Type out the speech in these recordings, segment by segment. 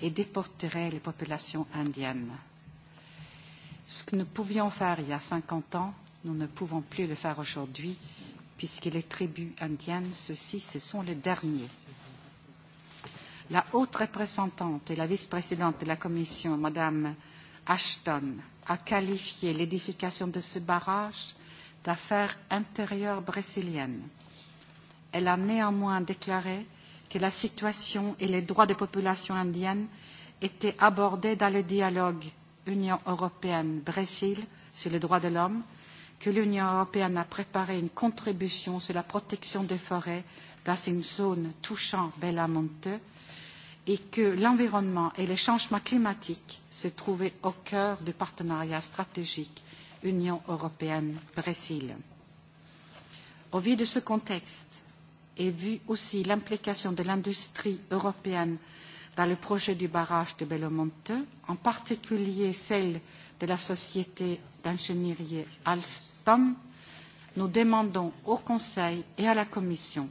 et déporterait les populations indiennes. Ce que nous pouvions faire il y a 50 ans, nous ne pouvons plus le faire aujourd'hui, puisque les tribus indiennes, ceux-ci, ce sont les derniers. La haute représentante et la vice-présidente de la Commission, Madame Ashton, a qualifié l'édification de ce barrage d'affaire intérieure brésilienne. Elle a néanmoins déclaré que la situation et les droits des populations indiennes étaient abordés dans le dialogue Union européenne-Brésil sur les droits de l'homme, que l'Union européenne a préparé une contribution sur la protection des forêts dans une zone touchant Belamonte et que l'environnement et les changements climatiques se trouvaient au cœur du partenariat stratégique Union européenne-Brésil. Au vu de ce contexte, et vu aussi l'implication de l'industrie européenne dans le projet du barrage de Belmonte, en particulier celle de la société d'ingénierie Alstom, nous demandons au Conseil et à la Commission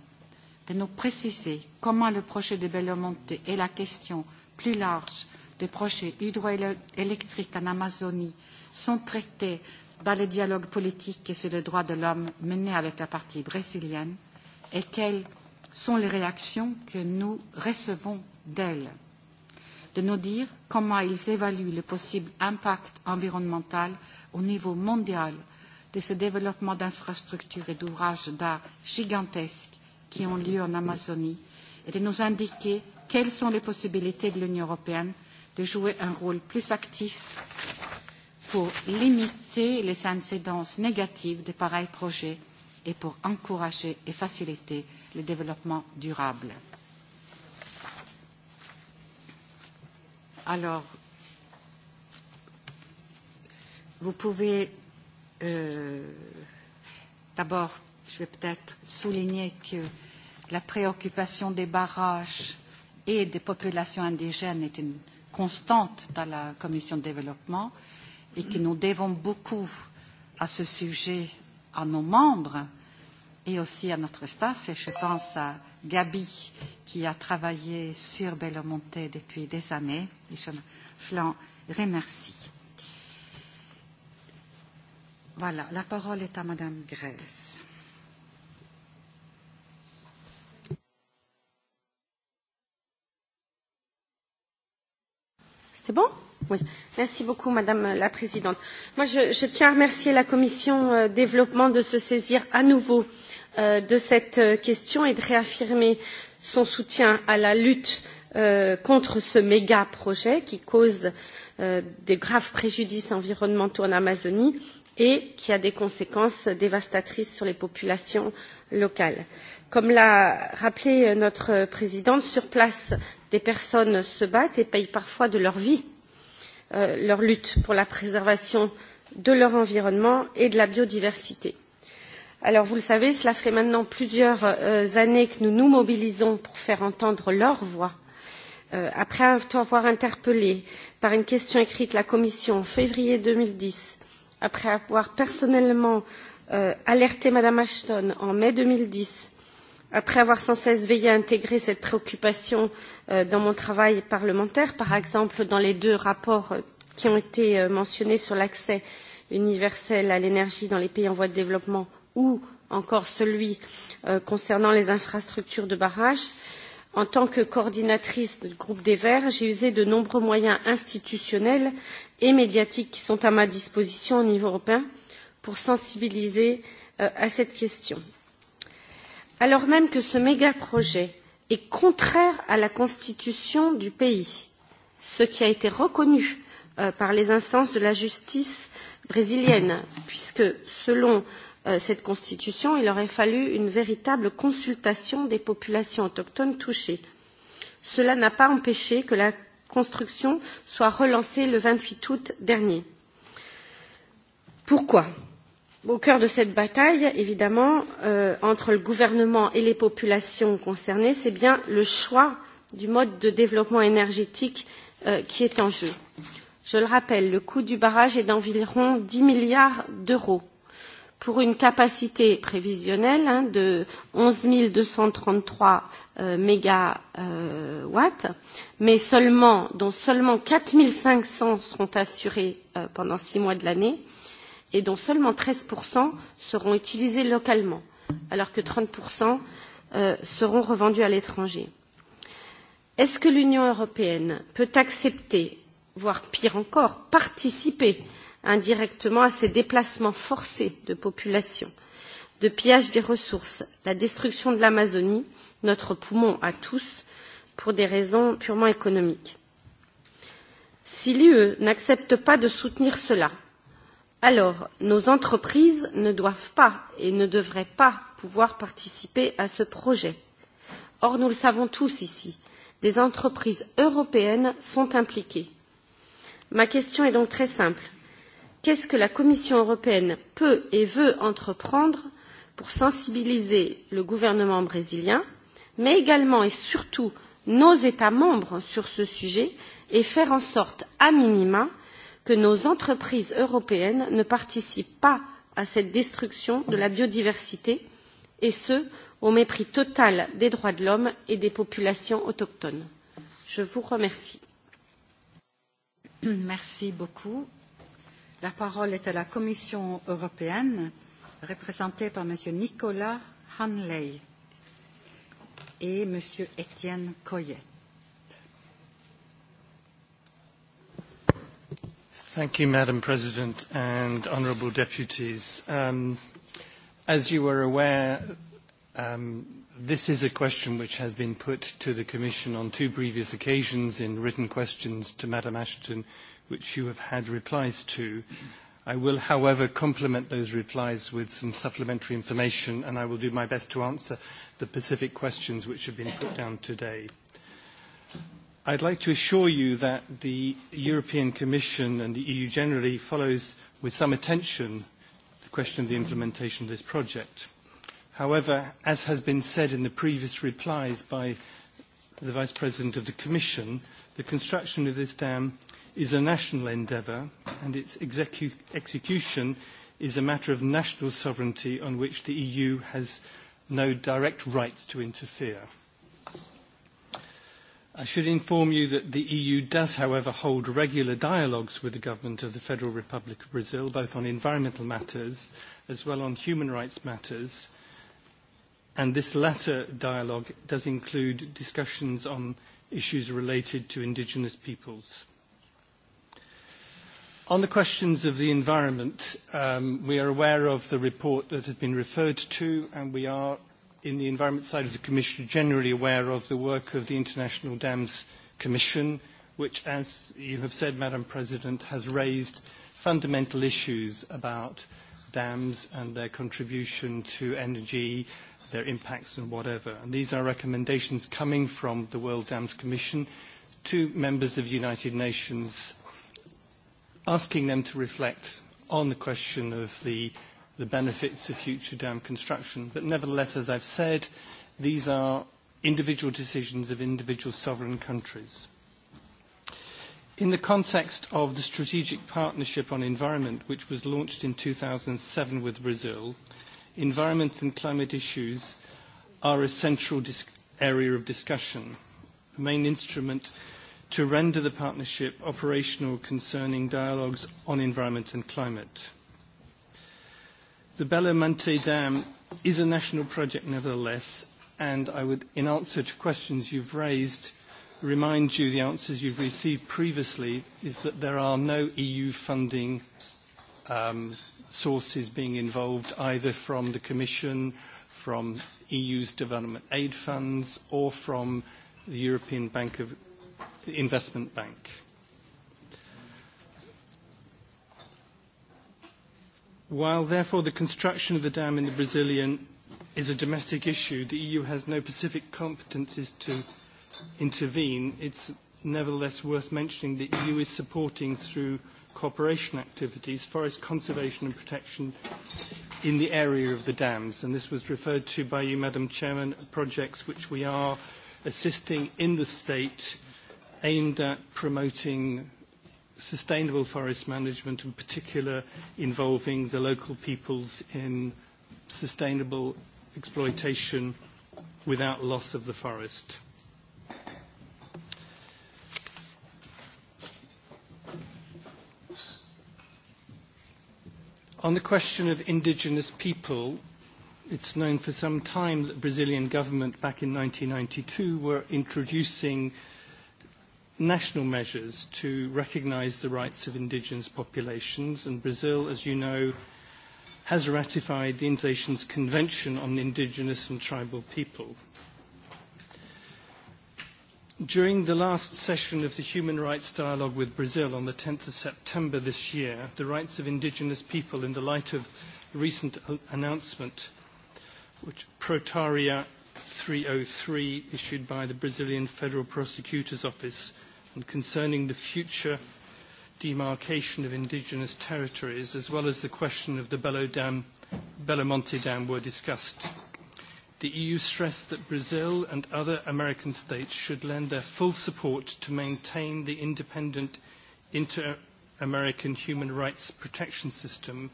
de nous préciser comment le projet de Belmonte et la question plus large des projets hydroélectriques en Amazonie sont traités dans le dialogue politique sur les droits de l'homme mené avec la partie brésilienne et quelles sont les réactions que nous recevons d'elles, de nous dire comment ils évaluent le possible impact environnemental au niveau mondial de ce développement d'infrastructures et d'ouvrages d'art gigantesques qui ont lieu en Amazonie et de nous indiquer quelles sont les possibilités de l'Union européenne de jouer un rôle plus actif pour limiter les incidences négatives de pareils projets et pour encourager et faciliter le développement durable. Alors, vous pouvez euh, d'abord, je vais peut-être souligner que la préoccupation des barrages et des populations indigènes est une constante dans la commission de développement et que nous devons beaucoup à ce sujet à nos membres et aussi à notre staff. Et je pense à Gabi qui a travaillé sur Bellomonte depuis des années. Et je l'en remercie. Voilà, la parole est à Madame Grèce. C'est bon Oui. Merci beaucoup, Madame la Présidente. Moi, je, je tiens à remercier la Commission euh, développement de se saisir à nouveau euh, euh, de cette euh, question et de réaffirmer son soutien à la lutte euh, contre ce méga projet qui cause euh, des graves préjudices environnementaux en Amazonie et qui a des conséquences dévastatrices sur les populations locales. Comme l'a rappelé euh, notre présidente, sur place, des personnes se battent et payent parfois de leur vie euh, leur lutte pour la préservation de leur environnement et de la biodiversité. Euh, Alors, vous le savez, cela fait maintenant plusieurs euh, années que nous nous mobilisons pour faire entendre leur voix. Euh, après avoir interpellé par une question écrite la Commission en février 2010, après avoir personnellement euh, alerté Mme Ashton en mai 2010, après avoir sans cesse veillé à intégrer cette préoccupation euh, dans mon travail parlementaire, par exemple dans les deux rapports euh, qui ont été euh, mentionnés sur l'accès universel à l'énergie dans les pays en voie de développement ou encore celui euh, concernant les infrastructures de barrage. En tant que coordinatrice du groupe des Verts, j'ai usé de nombreux moyens institutionnels et médiatiques qui sont à ma disposition au niveau européen pour sensibiliser euh, à cette question. Alors même que ce méga projet est contraire à la constitution du pays, ce qui a été reconnu euh, par les instances de la justice brésilienne, puisque selon euh, euh, cette constitution, il aurait fallu une véritable consultation des populations autochtones touchées. Cela n'a pas empêché que la construction soit relancée le 28 août dernier. Pourquoi Au cœur de cette bataille, évidemment, euh, entre le gouvernement et les populations concernées, c'est bien le choix du mode de développement énergétique euh, qui est en jeu. Je le rappelle, le coût du barrage est d'environ 10 milliards d'euros pour une capacité prévisionnelle hein, de 11 233 euh, mégawatts, euh, mais seulement, dont seulement 4 500 seront assurés euh, pendant six mois de l'année et dont seulement 13 seront utilisés localement, alors que 30 euh, seront revendus à l'étranger. Est-ce que l'Union européenne peut accepter, voire pire encore, participer euh, indirectement à ces déplacements forcés de populations, de pillage des ressources, la destruction de l'Amazonie, notre poumon à tous, pour des raisons purement économiques. Si l'UE n'accepte pas de soutenir cela, alors nos entreprises ne doivent pas et ne devraient pas pouvoir participer à ce projet. Or, nous le savons tous ici, les entreprises européennes sont impliquées. Ma question est donc très simple qu'est-ce que la Commission européenne peut et veut entreprendre pour sensibiliser le gouvernement brésilien, mais également et surtout nos États membres sur ce sujet et faire en sorte, à minima, que nos entreprises européennes ne participent pas à cette destruction de la biodiversité, et ce, au mépris total des droits de l'homme et des populations autochtones. Je vous remercie. Merci beaucoup. La parole est à la Commission européenne, représentée par M. Nicolas Hanley et M. Étienne Coyette. Thank you, Madam President and honourable deputies. Um, as you are aware, um, this is a question which has been put to the Commission on two previous occasions in written questions to Madam Ashton which you have had replies to. I will, however, complement those replies with some supplementary information, and I will do my best to answer the specific questions which have been put down today. I'd like to assure you that the European Commission and the EU generally follows with some attention the question of the implementation of this project. However, as has been said in the previous replies by the Vice President of the Commission, the construction of this dam is a national endeavour and its execu- execution is a matter of national sovereignty on which the EU has no direct rights to interfere. I should inform you that the EU does, however, hold regular dialogues with the government of the Federal Republic of Brazil, both on environmental matters as well on human rights matters. And this latter dialogue does include discussions on issues related to indigenous peoples. On the questions of the environment, um, we are aware of the report that has been referred to, and we are, in the environment side of the Commission, generally aware of the work of the International Dams Commission, which, as you have said, Madam President, has raised fundamental issues about dams and their contribution to energy, their impacts and whatever. And these are recommendations coming from the World Dams Commission to members of United Nations asking them to reflect on the question of the, the benefits of future dam construction. But nevertheless, as I've said, these are individual decisions of individual sovereign countries. In the context of the Strategic Partnership on Environment, which was launched in 2007 with Brazil, environment and climate issues are a central dis- area of discussion. The main instrument to render the partnership operational concerning dialogues on environment and climate. The Belo Monte Dam is a national project nevertheless, and I would, in answer to questions you've raised, remind you the answers you've received previously is that there are no EU funding um, sources being involved, either from the Commission, from EU's development aid funds, or from the European Bank of the investment bank. While therefore the construction of the dam in the Brazilian is a domestic issue, the EU has no specific competences to intervene. It's nevertheless worth mentioning that EU is supporting through cooperation activities, forest conservation and protection in the area of the dams. And this was referred to by you, Madam Chairman, projects which we are assisting in the state aimed at promoting sustainable forest management, in particular involving the local peoples in sustainable exploitation without loss of the forest. On the question of indigenous people, it's known for some time that the Brazilian government back in 1992 were introducing uh, national measures to recognize the rights of indigenous populations. And Brazil, as you know, has ratified the United Nations Convention on Indigenous and Tribal People. During the last session of the Human Rights Dialogue with Brazil on the 10th of September this year, the rights of indigenous people in the light of the recent announcement which Protaria 303 issued by the Brazilian Federal Prosecutor's Office and concerning the future demarcation of indigenous territories, as well as the question of the Belo Dam, Belomonte Dam were discussed. The EU stressed that Brazil and other American states should lend their full support to maintain the independent inter-American human rights protection system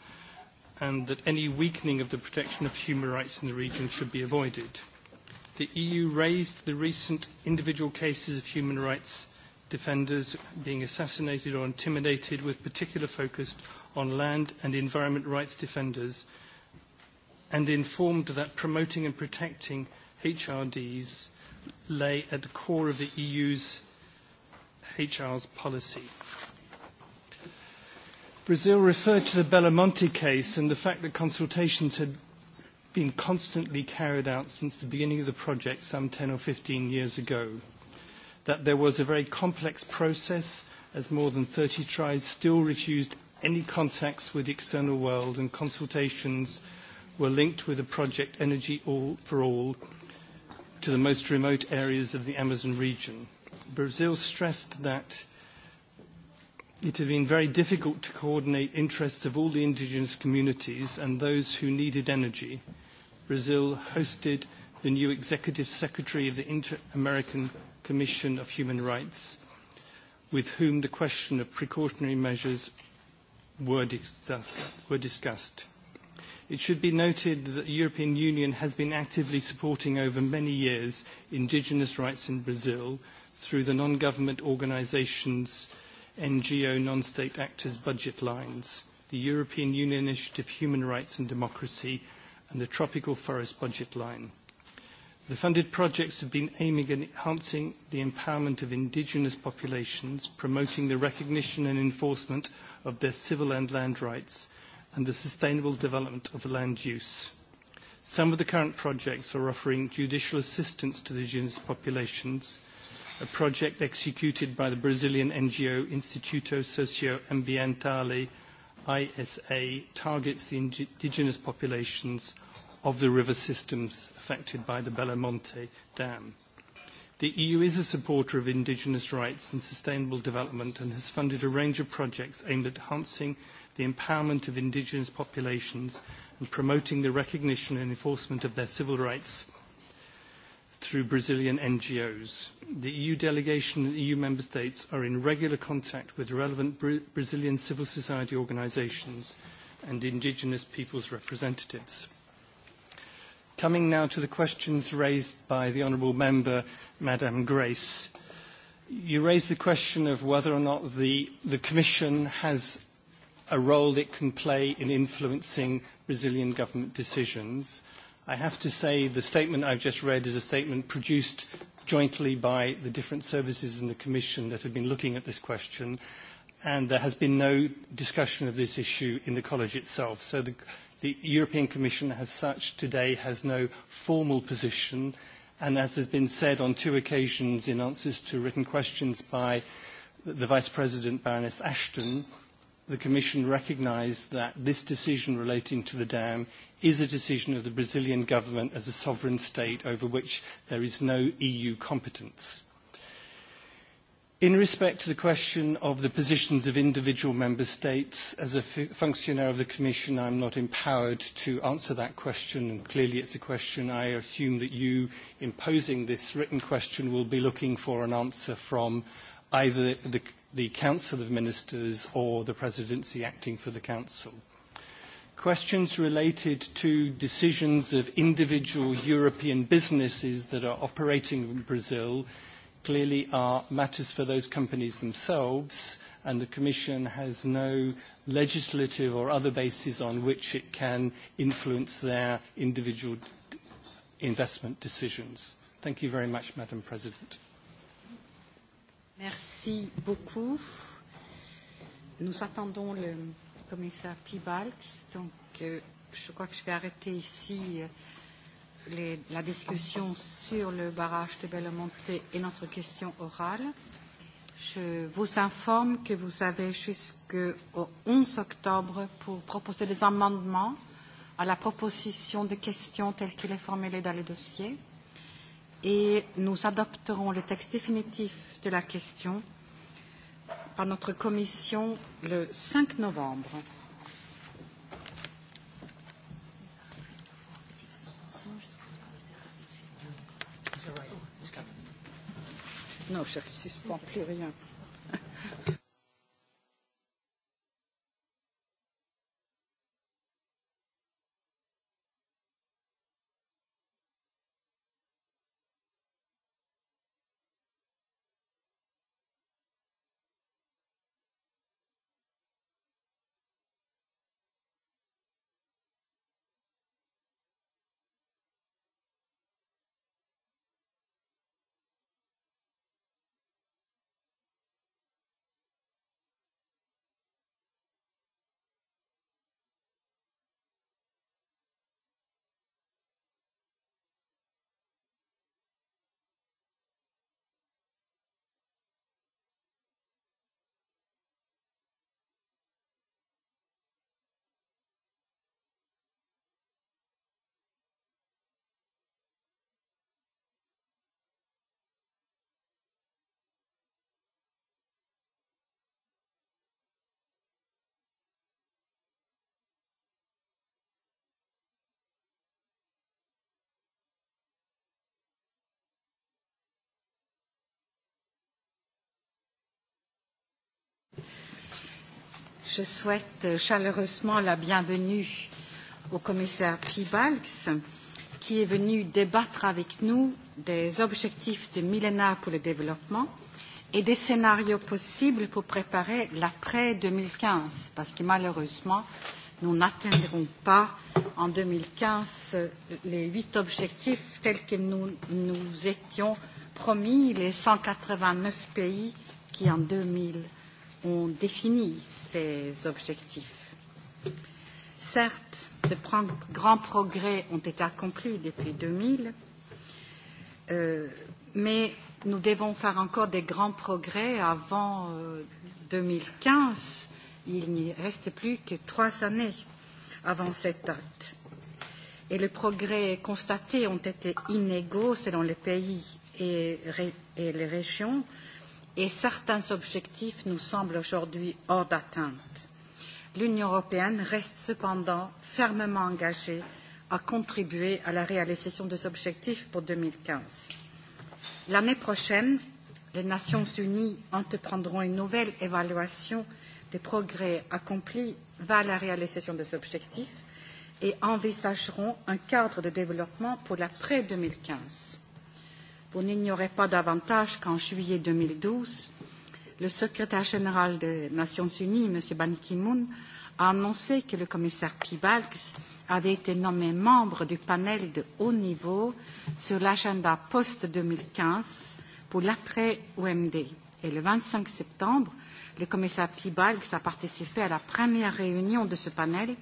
and that any weakening of the protection of human rights in the region should be avoided. The EU raised the recent individual cases of human rights defenders being assassinated or intimidated, with particular focus on land and environment rights defenders, and informed that promoting and protecting HRDs lay at the core of the EU's HR's policy. Brazil referred to the Belamonte case and the fact that consultations had been constantly carried out since the beginning of the project some 10 or 15 years ago that there was a very complex process as more than 30 tribes still refused any contacts with the external world and consultations were linked with the project Energy all for All to the most remote areas of the Amazon region. Brazil stressed that it had been very difficult to coordinate interests of all the indigenous communities and those who needed energy. Brazil hosted the new executive secretary of the Inter-American Commission of Human Rights, with whom the question of precautionary measures were, dis were discussed. It should be noted that the European Union has been actively supporting over many years indigenous rights in Brazil through the non-government organizations, NGO, non-state actors budget lines, the European Union Initiative Human Rights and Democracy, and the Tropical Forest budget line. The funded projects have been aiming at enhancing the empowerment of indigenous populations, promoting the recognition and enforcement of their civil and land rights, and the sustainable development of land use. Some of the current projects are offering judicial assistance to the indigenous populations, a project executed by the Brazilian NGO Instituto Socioambientale, ISA, targets the indigenous populations of the river systems affected by the Belamonte Dam. The EU is a supporter of indigenous rights and sustainable development and has funded a range of projects aimed at enhancing the empowerment of indigenous populations and promoting the recognition and enforcement of their civil rights through Brazilian NGOs. The EU delegation and EU member states are in regular contact with relevant Bra Brazilian civil society organizations and indigenous people's representatives. Coming now to the questions raised by the Honourable Member, Madame Grace. You raised the question of whether or not the, the Commission has a role it can play in influencing Brazilian government decisions. I have to say the statement I've just read is a statement produced jointly by the different services in the Commission that have been looking at this question, and there has been no discussion of this issue in the College itself. So the The European Commission, as such, today has no formal position, and as has been said on two occasions in answers to written questions by the Vice President, Baroness Ashton, the Commission recognised that this decision relating to the dam is a decision of the Brazilian government as a sovereign state over which there is no EU competence. In respect to the question of the positions of individual member states, as a functionary of the Commission, I'm not empowered to answer that question, and clearly it's a question I assume that you, imposing this written question, will be looking for an answer from either the, the Council of Ministers or the Presidency acting for the Council. Questions related to decisions of individual European businesses that are operating in Brazil – clearly are matters for those companies themselves, and the Commission has no legislative or other basis on which it can influence their individual investment decisions. Thank you very much, Madam President. Merci beaucoup. Nous attendons le commissaire Piebalgs, donc euh, je crois que je vais arrêter ici. Euh, les, la discussion sur le barrage de Bellemonte et notre question orale. Je vous informe que vous avez jusqu'au 11 octobre pour proposer des amendements à la proposition de questions telle qu'elle est formulée dans le dossier et nous adopterons le texte définitif de la question par notre commission le 5 novembre. Non, je ne suspends plus rien. Je souhaite euh, chaleureusement la bienvenue au commissaire Pibalks, qui est venu débattre avec nous des objectifs de millénaire pour le développement et des scénarios possibles pour préparer l'après 2015, parce que malheureusement, nous n'atteindrons pas en 2015 euh, les huit objectifs tels que nous nous étions promis, les 189 pays qui en 2000 ont défini ces objectifs. Certes, de grands progrès ont été accomplis depuis 2000, euh, mais nous devons faire encore des grands progrès avant euh, 2015. Il n'y reste plus que trois années avant cette date. Et les progrès constatés ont été inégaux selon les pays et, et les régions. Euh, et certains objectifs nous semblent aujourd'hui hors d'atteinte. L'Union européenne reste cependant fermement engagée à contribuer à la réalisation des objectifs pour 2015. L'année prochaine, les Nations unies entreprendront une nouvelle évaluation des progrès accomplis vers la réalisation des objectifs et envisageront un cadre de développement pour l'après 2015. Vous n'ignorez pas davantage qu'en juillet 2012, le secrétaire général des Nations Unies, M. Ban Ki-moon, a annoncé que le commissaire Pibalks avait été nommé membre du panel de haut niveau sur l'agenda post-2015 pour l'après-OMD. Et le 25 septembre, le commissaire Pibalks a participé à la première réunion de ce panel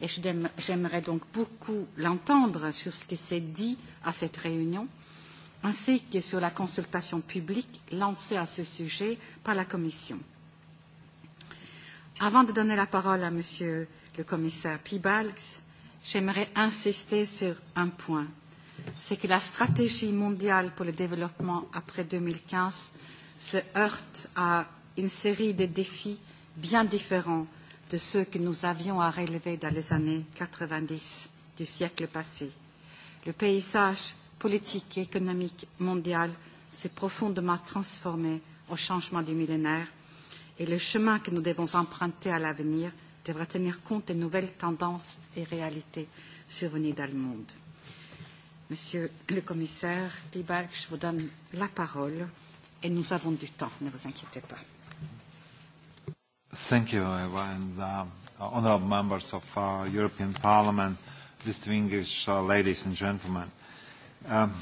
et j'aimerais donc beaucoup l'entendre sur ce qui s'est dit à cette réunion ainsi que sur la consultation publique lancée à ce sujet par la Commission. Avant de donner la parole à Monsieur le commissaire Piebalgs, j'aimerais insister sur un point. C'est que la stratégie mondiale pour le développement après 2015 se heurte à une série de défis bien différents de ceux que nous avions à relever dans les années 90 du siècle passé. Le paysage politique et économique mondiale s'est profondément transformée au changement du millénaire et le chemin que nous devons emprunter à l'avenir devra tenir compte des nouvelles tendances et réalités survenues dans le monde. Monsieur le commissaire Piebalgs, je vous donne la parole et nous avons du temps, ne vous inquiétez pas. Thank you, Eva, and uh, honorable members of uh, European Parliament, distinguished uh, ladies and gentlemen. Um,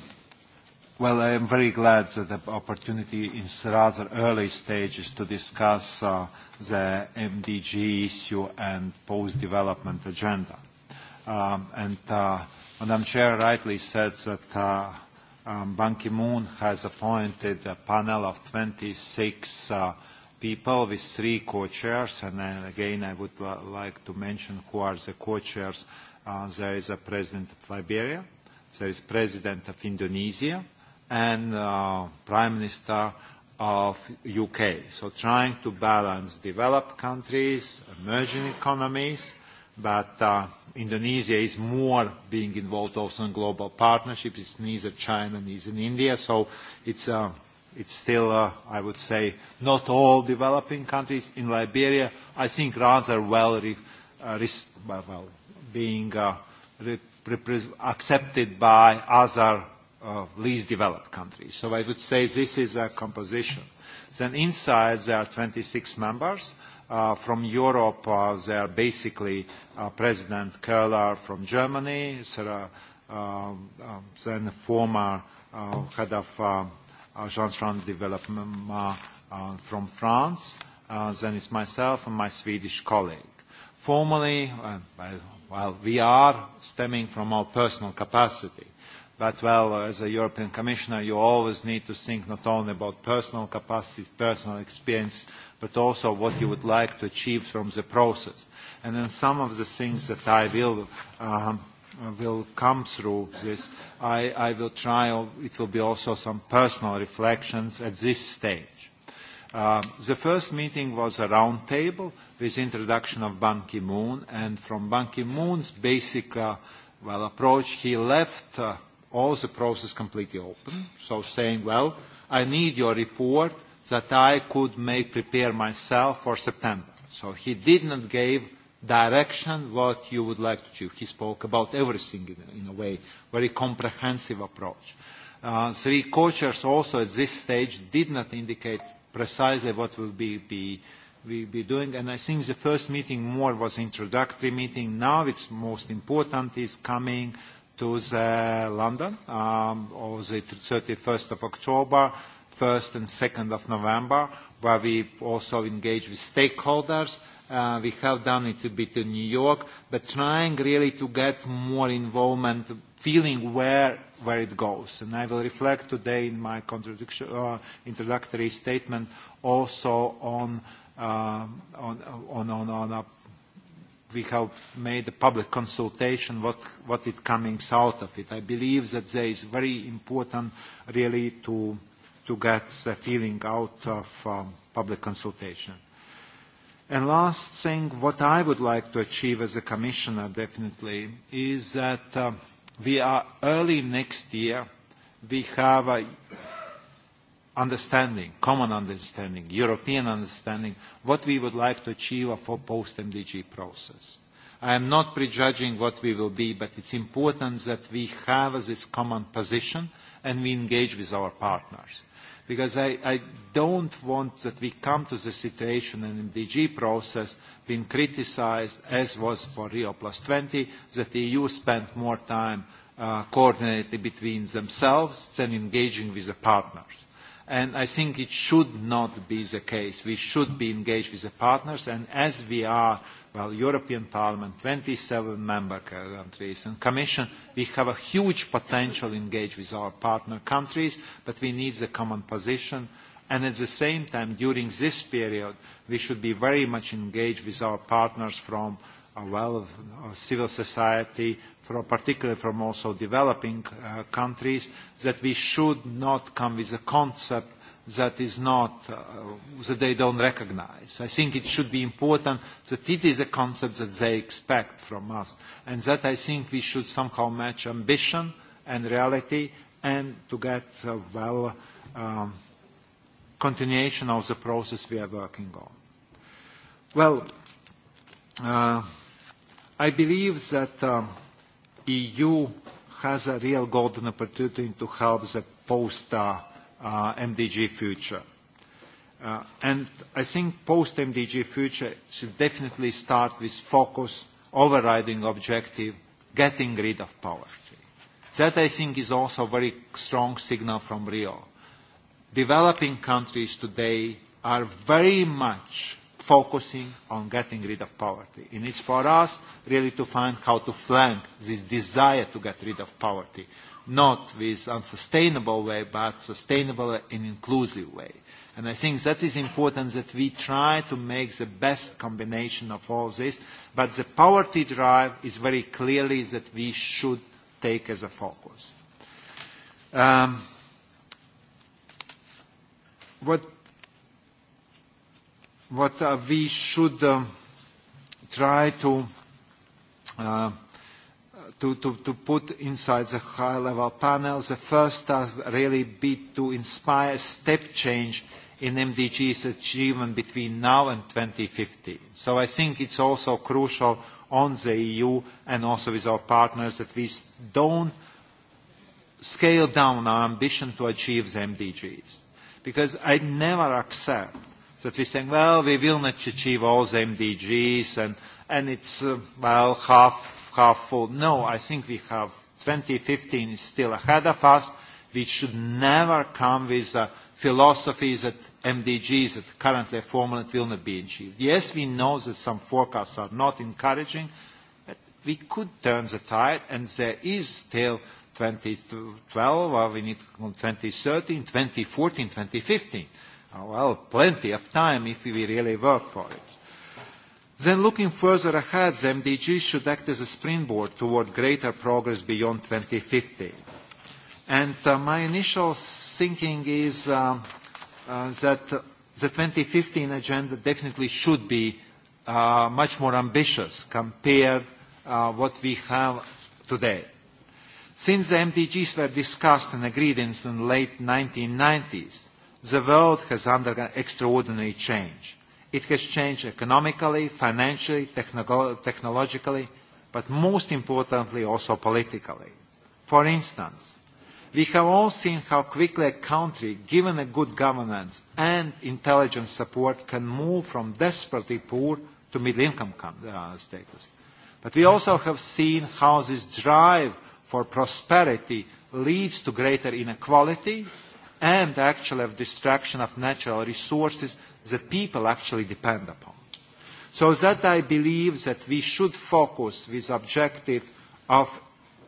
well, I am very glad that the opportunity in rather early stages to discuss uh, the MDG issue and post-development agenda. Um, and uh, Madam Chair rightly said that uh, um, Ban Ki-moon has appointed a panel of 26 uh, people with three co-chairs, and uh, again I would li like to mention who are the co-chairs. Uh, there is a president of Liberia, there is President of Indonesia and uh, Prime Minister of UK. So trying to balance developed countries, emerging economies, but uh, Indonesia is more being involved also in global partnership. It's neither China, neither in India, so it's, uh, it's still, uh, I would say, not all developing countries. In Liberia, I think rather well, re- uh, res- well, well being uh, re- accepted by other uh, least developed countries. So I would say this is a composition. Then inside there are 26 members. Uh, from Europe, uh, they are basically uh, President Köhler from Germany, Sarah, uh, um, um, then former uh, head of uh, uh Agence France Development uh, uh, from France, uh, then it's myself and my Swedish colleague. Formally, uh, I Well, we are stemming from our personal capacity. But, well, as a European Commissioner, you always need to think not only about personal capacity, personal experience, but also what you would like to achieve from the process. And then some of the things that I will, um, will come through this, I, I will try, it will be also some personal reflections at this stage. Uh, the first meeting was a round table with introduction of Ban Ki-moon. And from Ban Ki-moon's basic uh, well, approach, he left uh, all the process completely open. So saying, well, I need your report that I could may prepare myself for September. So he did not give direction what you would like to achieve. He spoke about everything in, in a way, very comprehensive approach. Uh, three coaches also at this stage did not indicate precisely what will be the we'll be doing. And I think the first meeting more was introductory meeting. Now it's most important is coming to the London um, on the 31st of October, 1st and 2nd of November, where we also engage with stakeholders. Uh, we have done it a bit in New York, but trying really to get more involvement, feeling where where it goes. And I will reflect today in my uh, introductory statement also on uh, Uh, on, on, on, on a, we have made a public consultation what, what it comes out of it. I believe that there is very important really to, to get the feeling out of um, public consultation. And last thing, what I would like to achieve as a commissioner definitely is that uh, we are early next year, we have a understanding, common understanding, European understanding, what we would like to achieve for post-MDG process. I am not prejudging what we will be, but it's important that we have this common position and we engage with our partners. Because I, I don't want that we come to the situation in the MDG process being criticized, as was for Rio Plus 20, that the EU spent more time uh, coordinating between themselves than engaging with the partners and I think it should not be the case. We should be engaged with the partners, and as we are, well, European Parliament, 27 member countries and Commission, we have a huge potential engaged with our partner countries, but we need the common position. And at the same time, during this period, we should be very much engaged with our partners from well of, of civil society, from, particularly from also developing uh, countries, that we should not come with a concept that is not, uh, that they don't recognize. I think it should be important that it is a concept that they expect from us. And that I think we should somehow match ambition and reality and to get a well um, continuation of the process we are working on. Well, uh, I believe that um, EU has a real golden opportunity to help the post-MDG uh, uh, future. Uh, and I think post-MDG future should definitely start with focus, overriding objective, getting rid of poverty. That, I think, is also a very strong signal from Rio. Developing countries today are very much focusing on getting rid of poverty. And it's for us really to find how to flank this desire to get rid of poverty, not with unsustainable way, but sustainable and inclusive way. And I think that is important that we try to make the best combination of all this, but the poverty drive is very clearly that we should take as a focus. Um, what what uh, we should uh, try to, uh, to, to, to put inside the high-level panel. The first task uh, really be to inspire a step change in MDG's achievement between now and 2050. So I think it's also crucial on the EU and also with our partners that we don't scale down our ambition to achieve the MDGs. Because I never accept that we think, well, we will not achieve all the MDGs and, and it's, uh, well, half, half full. No, I think we have 2015 is still ahead of us. We should never come with a philosophy that MDGs that currently are formulated will not be achieved. Yes, we know that some forecasts are not encouraging, but we could turn the tide and there is still 2012, or we need 2013, 2014, 2015 Oh, well, plenty of time if we really work for it. Then looking further ahead, the MDGs should act as a springboard toward greater progress beyond 2050. And uh, my initial thinking is um, uh, that the 2015 agenda definitely should be uh, much more ambitious compared uh, what we have today. Since the MDGs were discussed and agreed in the late 1990s, the world has undergone extraordinary change. It has changed economically, financially, technolo technologically, but most importantly also politically. For instance, we have all seen how quickly a country, given a good governance and intelligence support, can move from desperately poor to middle-income uh, status. But we also have seen how this drive for prosperity leads to greater inequality and actually of destruction of natural resources that people actually depend upon. So that I believe that we should focus with objective of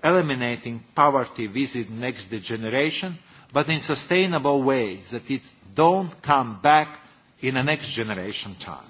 eliminating poverty within next generation, but in sustainable way that it don't come back in the next generation time.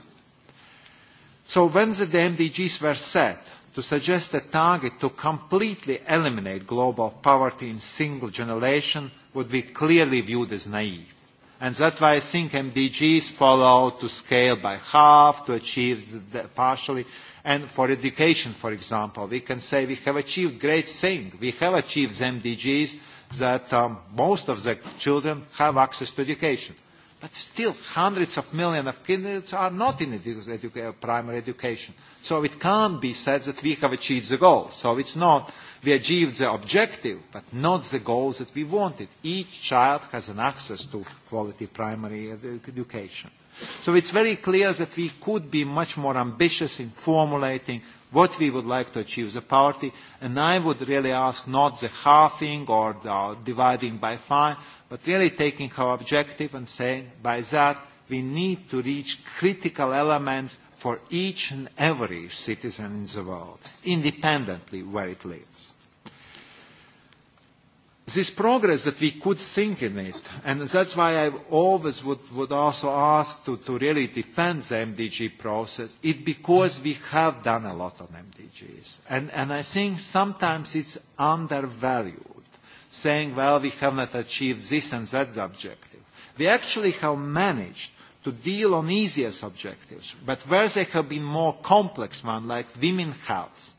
So when the MDGs were set, to suggest a target to completely eliminate global poverty in single generation would be clearly viewed as naive. And that's why I think MDGs follow to scale by half, to achieve the, partially. And for education, for example, we can say we have achieved great things. We have achieved the MDGs that um, most of the children have access to education. But still, hundreds of millions of kids are not in edu- edu- primary education. So it can't be said that we have achieved the goal. So it's not We achieved the objective, but not the goals that we wanted. Each child has an access to quality primary education. So it's very clear that we could be much more ambitious in formulating what we would like to achieve as a party, and I would really ask not the halving or the dividing by five, but really taking our objective and saying by that we need to reach critical elements for each and every citizen in the world, independently where it lives this progress that we could think in it, and that's why I always would, would also ask to, to really defend the MDG process, it because we have done a lot on MDGs. And, and I think sometimes it's undervalued, saying, well, we have not achieved this and that objective. We actually have managed to deal on easier objectives, but where they have been more complex ones, like women health,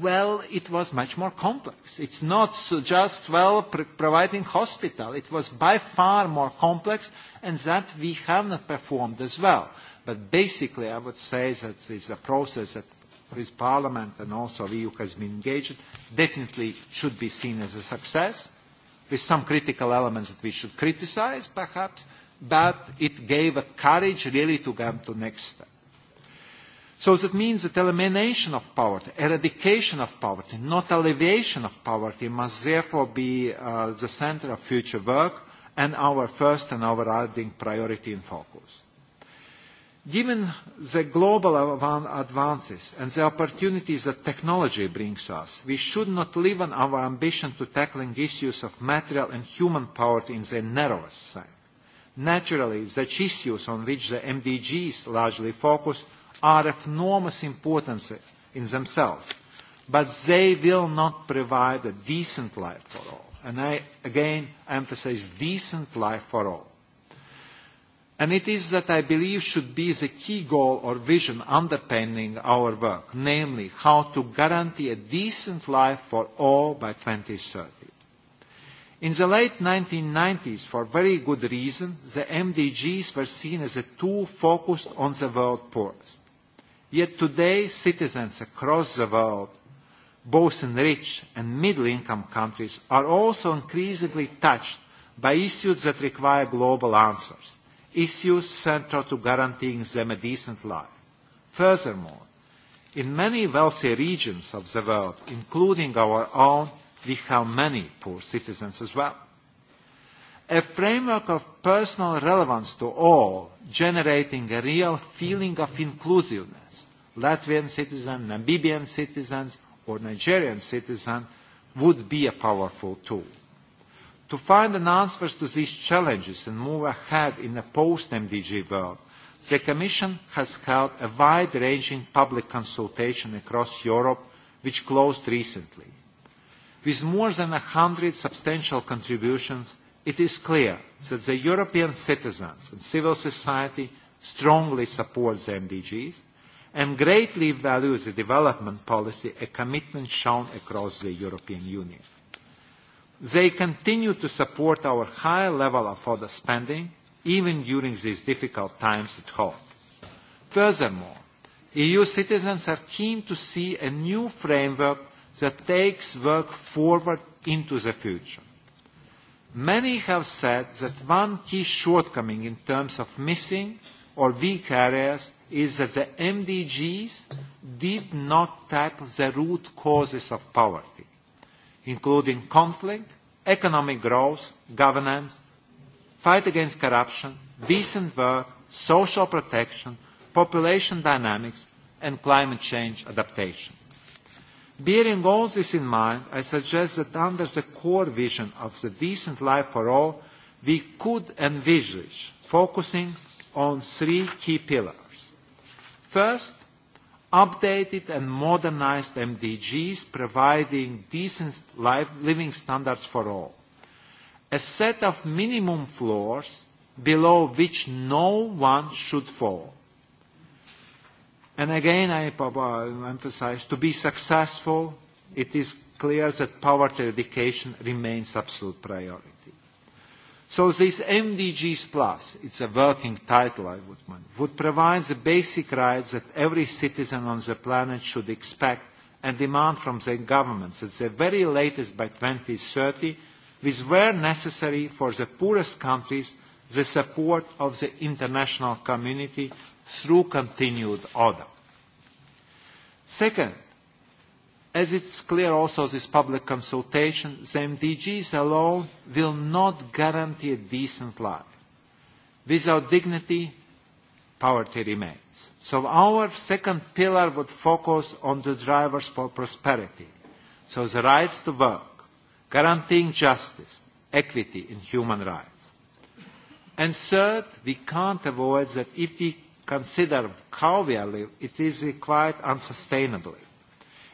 well, it was much more complex. It's not so just, well, pr providing hospital. It was by far more complex, and that we have not performed as well. But basically, I would say that it's a process that with Parliament and also the EU has been engaged, definitely should be seen as a success, with some critical elements that we should criticize, perhaps, but it gave a courage really to come to next step. So that means that elimination of poverty, eradication of poverty, not alleviation of poverty, must therefore be uh, the center of future work and our first and overriding priority and focus. Given the global advances and the opportunities that technology brings us, we should not live on our ambition to tackling issues of material and human poverty in their narrowest sense. Naturally, such issues on which the MDGs largely focus are of enormous importance in themselves, but they will not provide a decent life for all. And I again emphasize decent life for all. And it is that I believe should be the key goal or vision underpinning our work, namely how to guarantee a decent life for all by 2030. In the late 1990s, for very good reason, the MDGs were seen as a tool focused on the world poorest. Yet today, citizens across the world, both in rich and middle-income countries, are also increasingly touched by issues that require global answers, issues central to guaranteeing them a decent life. Furthermore, in many wealthy regions of the world, including our own, we have many poor citizens as well. A framework of personal relevance to all, generating a real feeling of inclusiveness, Latvian citizen, Namibian citizens, or Nigerian citizen would be a powerful tool. To find an answers to these challenges and move ahead in a post-MDG world, the Commission has held a wide-ranging public consultation across Europe, which closed recently. With more than 100 substantial contributions, it is clear that the European citizens and civil society strongly support the MDGs, and greatly values the development policy, a commitment shown across the European Union. They continue to support our high level of further spending, even during these difficult times at home. Furthermore, EU citizens are keen to see a new framework that takes work forward into the future. Many have said that one key shortcoming in terms of missing or weak areas is that the MDGs did not tackle the root causes of poverty, including conflict, economic growth, governance, fight against corruption, decent work, social protection, population dynamics, and climate change adaptation. Bearing all this in mind, I suggest that under the core vision of the decent life for all, we could envisage focusing on three key pillars First, updated and modernized MDGs providing decent life, living standards for all. A set of minimum floors below which no one should fall. And again, I uh, emphasize, to be successful, it is clear that poverty eradication remains absolute priority. So this MDGs Plus, it's a working title, I would mean, would provide the basic rights that every citizen on the planet should expect and demand from their governments at the very latest by 2030, with where necessary for the poorest countries the support of the international community through continued order. Second, As it's clear also this public consultation, the MDGs alone will not guarantee a decent life. Without dignity, poverty remains. So our second pillar would focus on the drivers for prosperity. So the rights to work, guaranteeing justice, equity and human rights. And third, we can't avoid that if we consider how we live, it is quite unsustainably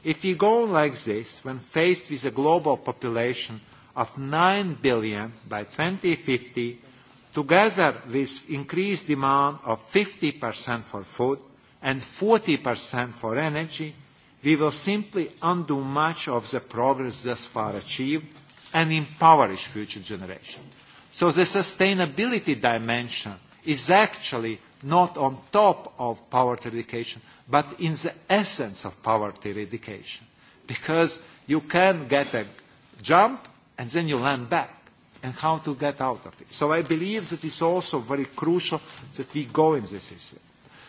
If we go on like this, when faced with a global population of 9 billion by 2050, together with increased demand of 50% for food and 40% for energy, we will simply undo much of the progress thus far achieved and impoverish future generations. So the sustainability dimension is actually not on top of poverty eradication, but in the essence of poverty eradication. Because you can get a jump and then you land back and how to get out of it. So I believe that it's also very crucial that we go in this issue.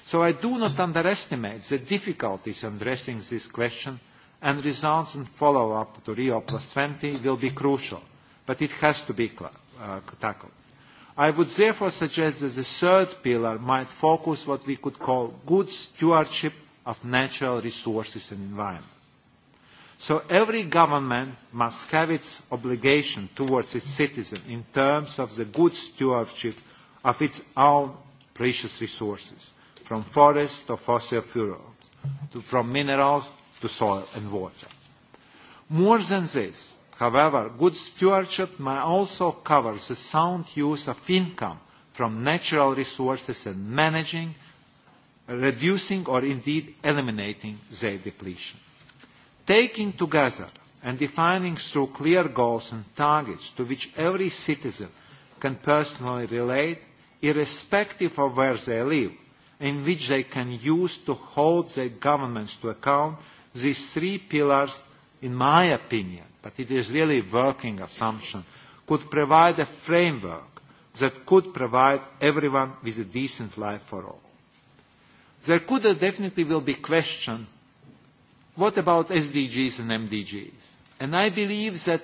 So I do not underestimate the difficulties in addressing this question and results and follow-up to Rio plus 20 will be crucial, but it has to be uh, tackled. I would therefore suggest that the third pillar might focus what we could call good stewardship of natural resources and environment. So every government must have its obligation towards its citizens in terms of the good stewardship of its own precious resources, from forests to fossil fuels, to, from minerals to soil and water. More than this, However, good stewardship may also cover the sound use of income from natural resources and managing, reducing or indeed eliminating their depletion. Taking together and defining through clear goals and targets to which every citizen can personally relate, irrespective of where they live, in which they can use to hold their governments to account, these three pillars, in my opinion, but it is really a working assumption, could provide a framework that could provide everyone with a decent life for all. There could uh, definitely will be question, what about SDGs and MDGs? And I believe that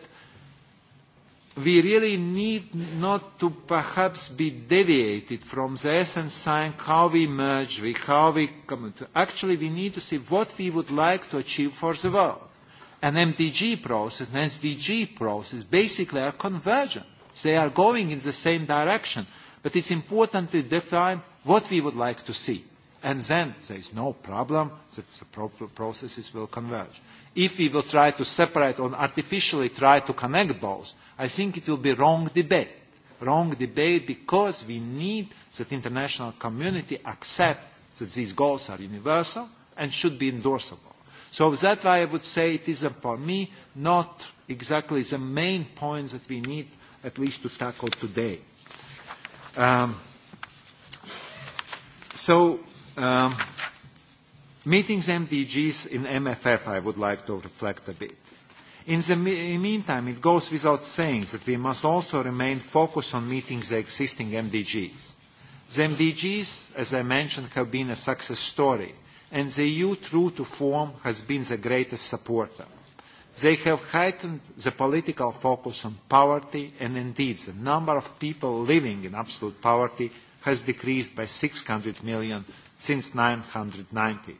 we really need not to perhaps be deviated from the essence science, how we merge, how we come. To. Actually, we need to see what we would like to achieve for the world an MDG process, an SDG process, basically are convergent. They are going in the same direction. But it's important to define what we would like to see. And then there is no problem that the pro processes will converge. If we will try to separate or artificially try to connect both, I think it will be wrong debate. Wrong debate because we need that international community accept that these goals are universal and should be endorsable. So that's why I would say it is, uh, for me, not exactly the main points that we need at least to tackle today. Um, so, um, meeting the MDGs in MFF, I would like to reflect a bit. In the me meantime, it goes without saying that we must also remain focused on meeting the existing MDGs. The MDGs, as I mentioned, have been a success story – and the EU true to form has been the greatest supporter. They have heightened the political focus on poverty and indeed the number of people living in absolute poverty has decreased by 600 million since 1990.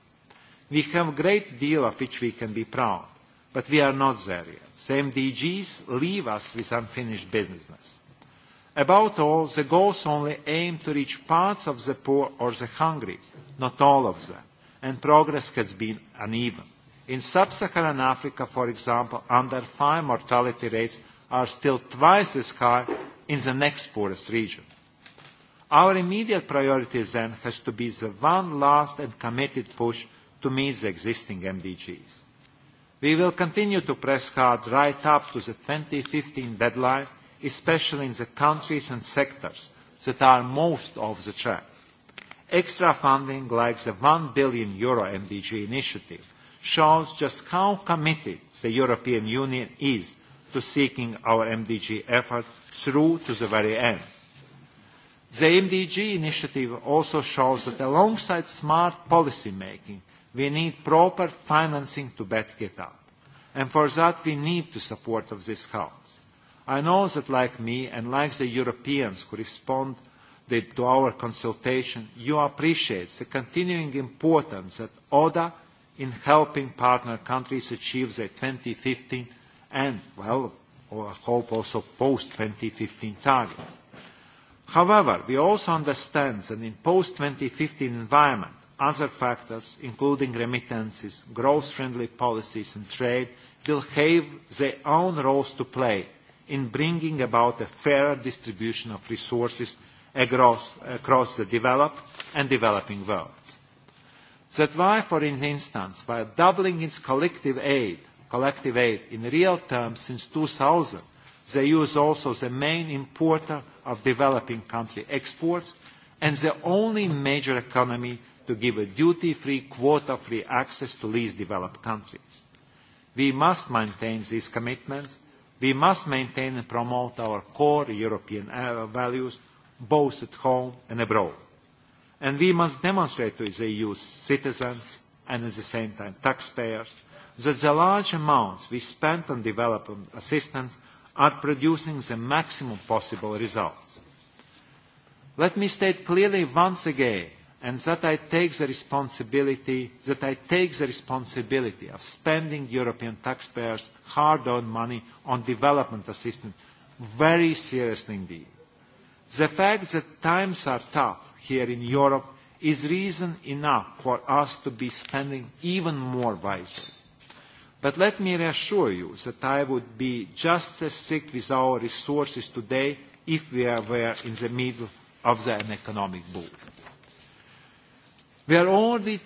We have a great deal of which we can be proud, but we are not there yet. The MDGs leave us with unfinished business. About all, the goals only aim to reach parts of the poor or the hungry, not all of them and progress has been uneven. In sub-Saharan Africa, for example, under-5 mortality rates are still twice as high in the next poorest region. Our immediate priority then has to be the one last and committed push to meet the existing MDGs. We will continue to press hard right up to the 2015 deadline, especially in the countries and sectors that are most off the track. Extra funding like the 1 billion euro MDG initiative shows just how committed the European Union is to seeking our MDG effort through to the very end. The MDG initiative also shows that alongside smart policy making, we need proper financing to back it up. And for that, we need the support of this House. I know that like me and like the Europeans who respond that to our consultation, you appreciate the continuing importance that ODA in helping partner countries achieve their 2015 and, well, or I hope also post-2015 targets. However, we also understand that in post-2015 environment, other factors, including remittances, growth-friendly policies and trade, will have their own roles to play in bringing about a fairer distribution of resources across, across the developed and developing world. That's why, for instance, while doubling its collective aid, collective aid in real terms since 2000, the EU is also the main importer of developing country exports and the only major economy to give a duty-free, quota-free access to least developed countries. We must maintain these commitments. We must maintain and promote our core European uh, values both at home and abroad. And we must demonstrate to the EU citizens and at the same time taxpayers that the large amounts we spend on development assistance are producing the maximum possible results. Let me state clearly once again and that I take the responsibility that I take the responsibility of spending European taxpayers hard earned money on development assistance very seriously indeed. The fact that times are tough here in Europe is reason enough for us to be spending even more wisely. But let me reassure you that I would be just as strict with our resources today if we were in the middle of an economic boom. We are already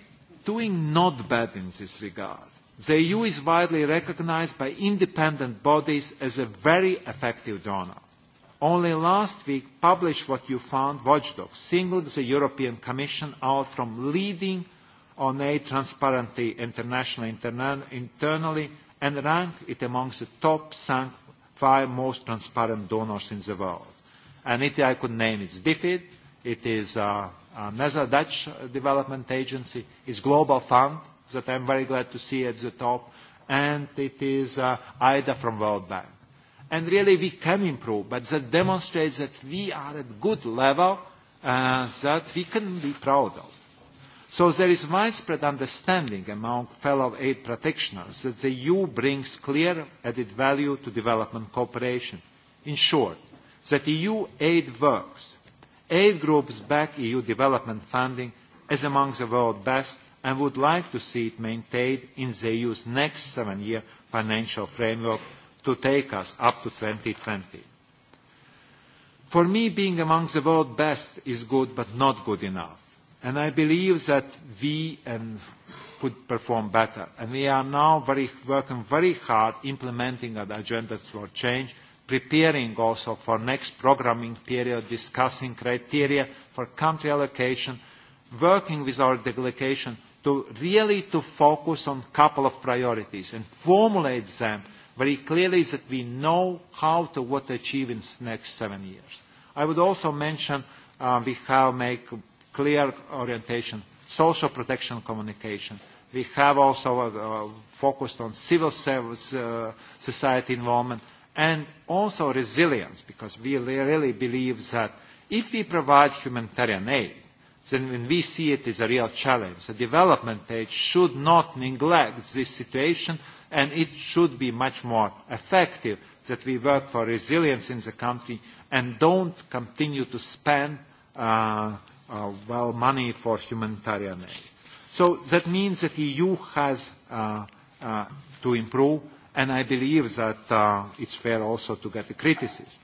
doing not bad in this regard. The EU is widely recognized by independent bodies as a very effective donor. Only last week published what you found watchdog, singled the European Commission out from leading on aid transparency internationally, interna internally, and ranked it amongst the top five most transparent donors in the world. And it, I could name it's DFID, it is uh, another uh, Dutch development agency, it's Global Fund that I'm very glad to see at the top, and it is uh, IDA from World Bank and really we can improve, but that demonstrates that we are at good level uh, that we can be proud of. So there is widespread understanding among fellow aid practitioners that the EU brings clear added value to development cooperation. In short, that EU aid works. Aid groups back EU development funding as among the world's best and would like to see it maintained in the EU's next seven-year financial framework to take us up to 2020. For me, being among the world's best is good, but not good enough. And I believe that we and could perform better. And we are now very, working very hard implementing an agenda for change, preparing also for next programming period, discussing criteria for country allocation, working with our delegation to really to focus on couple of priorities and formulate them very clearly is that we know how to what to achieve in the next seven years. I would also mention uh, we have made clear orientation, social protection communication. We have also uh, uh, focused on civil service, uh, society involvement, and also resilience, because we really believe that if we provide humanitarian aid, then when we see it as a real challenge, the development aid should not neglect this situation and it should be much more effective that we work for resilience in the country and don't continue to spend uh, uh, well money for humanitarian aid. So that means that EU has uh, uh, to improve, and I believe that uh, it's fair also to get the criticism.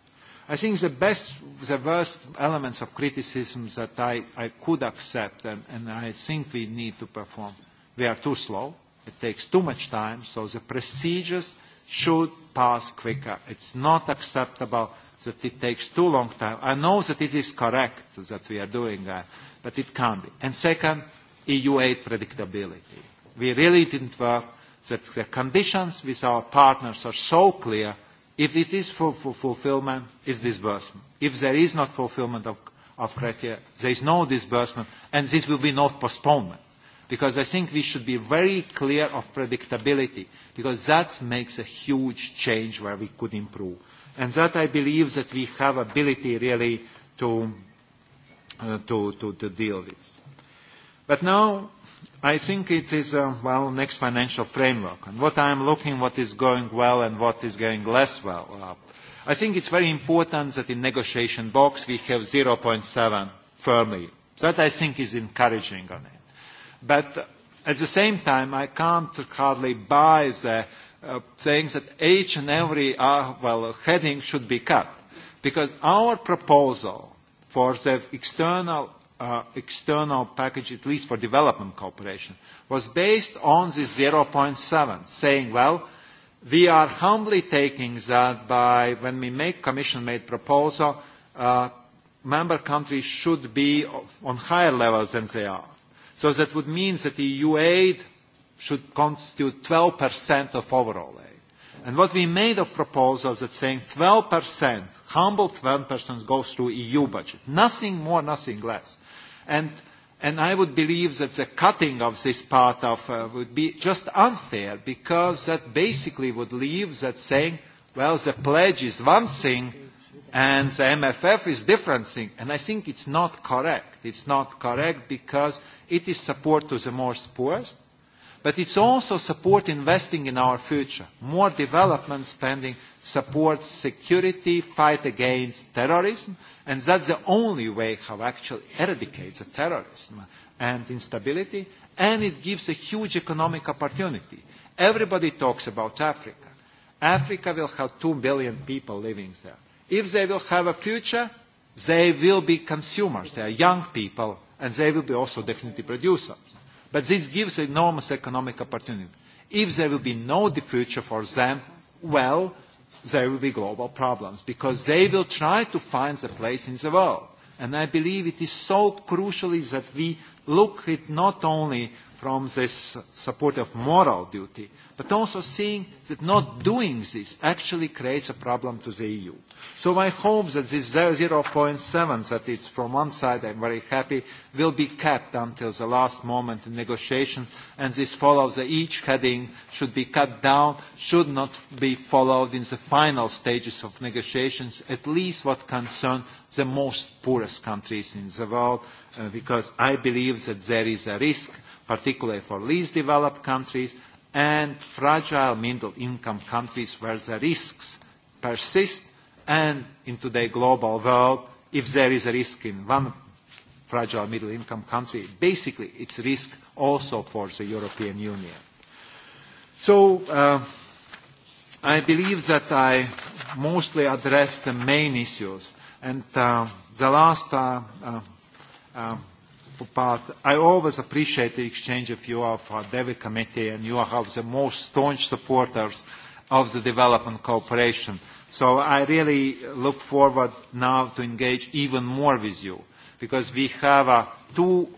I think the best, the worst elements of criticism that I, I could accept, and, and I think we need to perform, we are too slow It takes too much time, so the procedures should pass quicker. It's not acceptable that it takes too long time. I know that it is correct that we are doing that, but it can't be. And second, EU aid predictability. We really didn't work that the conditions with our partners are so clear. If it is for, for fulfillment, it's disbursement. If there is not fulfillment of, of criteria, there is no disbursement, and this will be not postponement. Because I think we should be very clear of predictability, because that makes a huge change where we could improve. And that I believe that we have ability really to, uh, to, to, to deal with. But now I think it is, uh, well, next financial framework. And what I'm looking, what is going well and what is going less well. Uh, I think it's very important that in negotiation box we have 0.7 firmly. That I think is encouraging on it. But at the same time, I can't hardly buy the uh, saying that each and every uh, well heading should be cut, because our proposal for the external uh, external package, at least for development cooperation, was based on this 0.7, saying, well, we are humbly taking that by when we make commission-made proposal, uh, member countries should be on higher levels than they are. So that would mean that EU e aid should constitute 12% of overall aid. And what we made of proposals that saying 12%, humble 12% goes to EU budget. Nothing more, nothing less. And, and I would believe that the cutting of this part of uh, would be just unfair because that basically would leave that saying, well, the pledge is one thing, and the MFF is different thing. And I think it's not correct. It's not correct because it is support to the most poorest, but it's also support investing in our future. More development spending supports security, fight against terrorism, and that's the only way how actually eradicates the terrorism and instability, and it gives a huge economic opportunity. Everybody talks about Africa. Africa will have 2 billion people living there If they will have a future, they will be consumers. They are young people, and they will be also definitely producers. But this gives enormous economic opportunity. If there will be no future for them, well, there will be global problems because they will try to find a place in the world. And I believe it is so crucial that we look at not only from this support of moral duty, but also seeing that not doing this actually creates a problem to the EU. So I hope that this 0.7, that it's from one side, I'm very happy, will be kept until the last moment in negotiation, and this follows that each heading should be cut down, should not be followed in the final stages of negotiations, at least what concerns the most poorest countries in the world, uh, because I believe that there is a risk particularly for least developed countries and fragile middle-income countries where the risks persist. And in today's global world, if there is a risk in one fragile middle-income country, basically it's risk also for the European Union. So uh, I believe that I mostly addressed the main issues. And uh, the last uh, uh, uh, but I always appreciate the exchange of you of uh, DEVI committee and you are the most staunch supporters of the development cooperation. So I really look forward now to engage even more with you because we have uh, two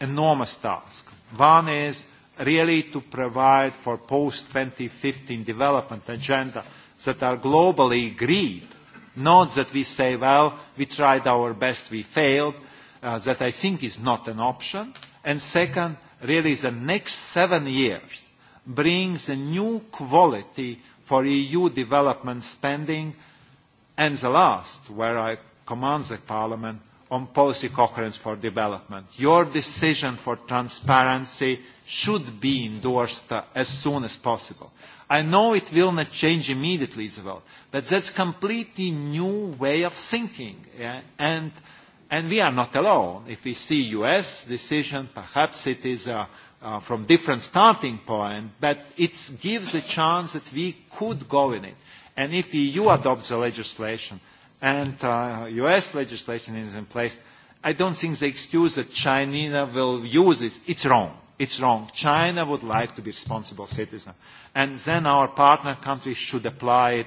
enormous tasks. One is really to provide for post-2015 development agenda that are globally agreed, not that we say, well, we tried our best, we failed, uh, that I think is not an option. And second, really the next seven years brings a new quality for EU development spending. And the last, where I command the Parliament, on policy coherence for development. Your decision for transparency should be endorsed uh, as soon as possible. I know it will not change immediately the world, but that's completely new way of thinking. Yeah? And uh, And we are not alone. If we see US decision, perhaps it is uh, uh, from different starting point, but it gives a chance that we could go in it. And if EU adopts the legislation and uh, US legislation is in place, I don't think the excuse that China will use it, it's wrong. It's wrong. China would like to be responsible citizen. And then our partner countries should apply it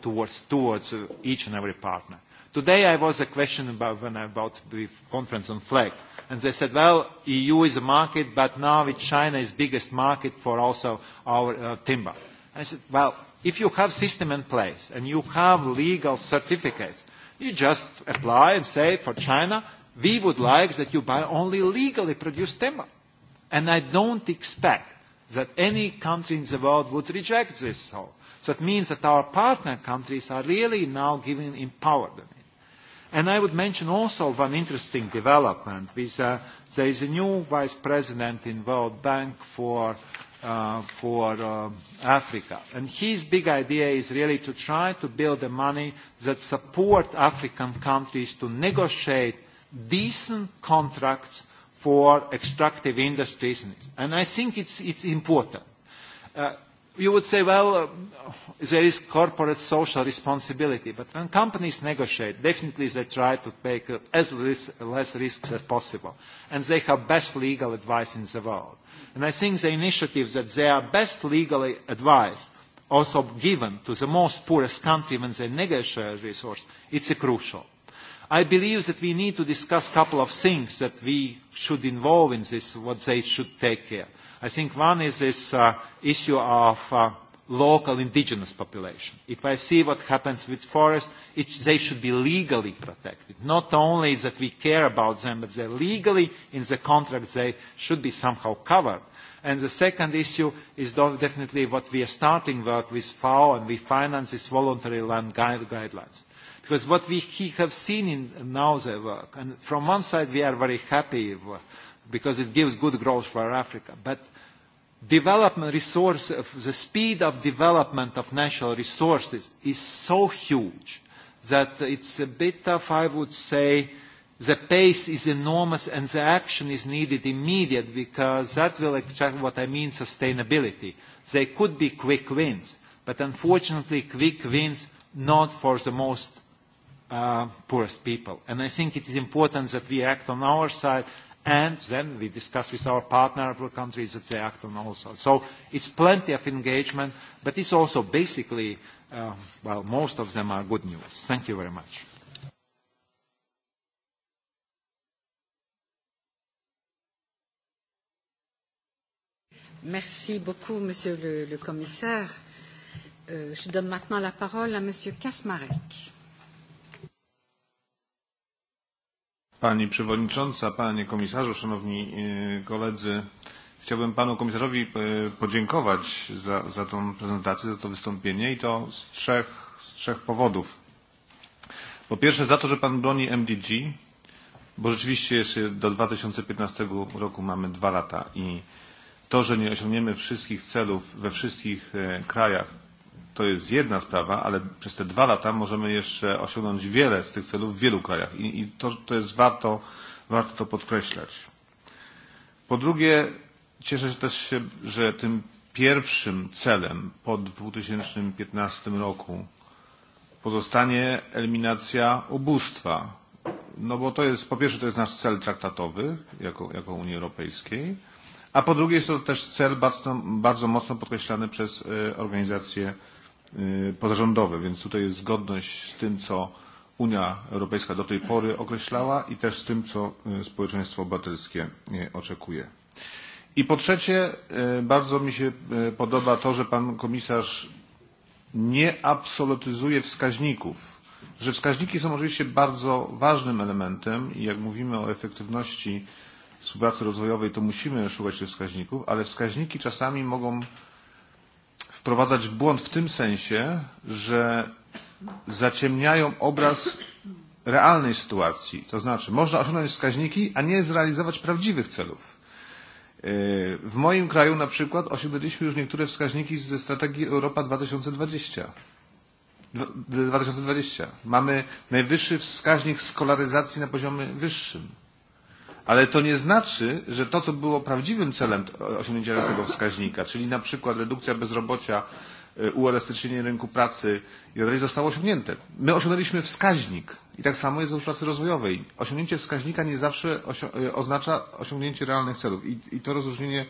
towards, towards uh, each and every partner. Today I was a question about when I about the conference on flag, and they said, well, EU is a market, but now it's China is biggest market for also our uh, timber. I said, well, if you have system in place and you have legal certificates, you just apply and say for China, we would like that you buy only legally produced timber. And I don't expect that any country in the world would reject this. So that means that our partner countries are really now giving empowered. And I would mention also one interesting development. With, uh, there is a new vice president in World Bank for, uh, for uh, Africa. And his big idea is really to try to build a money that support African countries to negotiate decent contracts for extractive industries. And I think it's, it's important. Uh, you would say, well, uh, there is corporate social responsibility, but when companies negotiate, definitely they try to take uh, as risk, less risks as possible, and they have best legal advice in the world. And I think the initiative that they are best legally advised, also given to the most poorest country when they negotiate resource, it's a crucial. I believe that we need to discuss a couple of things that we should involve in this, what they should take care. Of. I think one is this uh, issue of uh, local indigenous population. If I see what happens with forests, it, they should be legally protected. Not only that we care about them, but they're legally in the contract, they should be somehow covered. And the second issue is definitely what we are starting work with FAO, and we finance this voluntary land guide guidelines. Because what we have seen in now their work, and from one side we are very happy because it gives good growth for Africa, but development resource, the speed of development of natural resources is so huge that it's a bit of, I would say, the pace is enormous and the action is needed immediate because that will attract what I mean sustainability. They could be quick wins, but unfortunately quick wins not for the most uh, poorest people. And I think it is important that we act on our side and then we discuss with our partner countries that they act on also. So it's plenty of engagement, but it's also basically, uh, well, most of them are good news. Thank you very much. Merci beaucoup, Monsieur le, le Commissaire. Euh, je donne maintenant la parole à Monsieur Kasmarek. Pani Przewodnicząca, Panie Komisarzu, Szanowni Koledzy. Chciałbym Panu Komisarzowi podziękować za, za tą prezentację, za to wystąpienie i to z trzech, z trzech powodów. Po pierwsze za to, że Pan broni MDG, bo rzeczywiście jeszcze do 2015 roku mamy dwa lata i to, że nie osiągniemy wszystkich celów we wszystkich e, krajach, to jest jedna sprawa, ale przez te dwa lata możemy jeszcze osiągnąć wiele z tych celów w wielu krajach i, i to, to jest warto, warto to podkreślać. Po drugie, cieszę się też się, że tym pierwszym celem po 2015 roku pozostanie eliminacja ubóstwa. No bo to jest, po pierwsze to jest nasz cel traktatowy jako, jako Unii Europejskiej, a po drugie jest to też cel bardzo, bardzo mocno podkreślany przez e, organizację pozarządowe, więc tutaj jest zgodność z tym, co Unia Europejska do tej pory określała i też z tym, co społeczeństwo obywatelskie oczekuje. I po trzecie, bardzo mi się podoba to, że pan komisarz nie absolutyzuje wskaźników, że wskaźniki są oczywiście bardzo ważnym elementem i jak mówimy o efektywności współpracy rozwojowej, to musimy szukać tych wskaźników, ale wskaźniki czasami mogą wprowadzać w błąd w tym sensie, że zaciemniają obraz realnej sytuacji. To znaczy, można osiągnąć wskaźniki, a nie zrealizować prawdziwych celów. W moim kraju na przykład osiągnęliśmy już niektóre wskaźniki ze strategii Europa 2020. 2020. Mamy najwyższy wskaźnik skolaryzacji na poziomie wyższym ale to nie znaczy, że to, co było prawdziwym celem osiągnięcia tego wskaźnika, czyli na przykład redukcja bezrobocia, uelastycznienie rynku pracy i tak dalej, zostało osiągnięte. My osiągnęliśmy wskaźnik i tak samo jest w pracy rozwojowej. Osiągnięcie wskaźnika nie zawsze osio- oznacza osiągnięcie realnych celów i, i to rozróżnienie,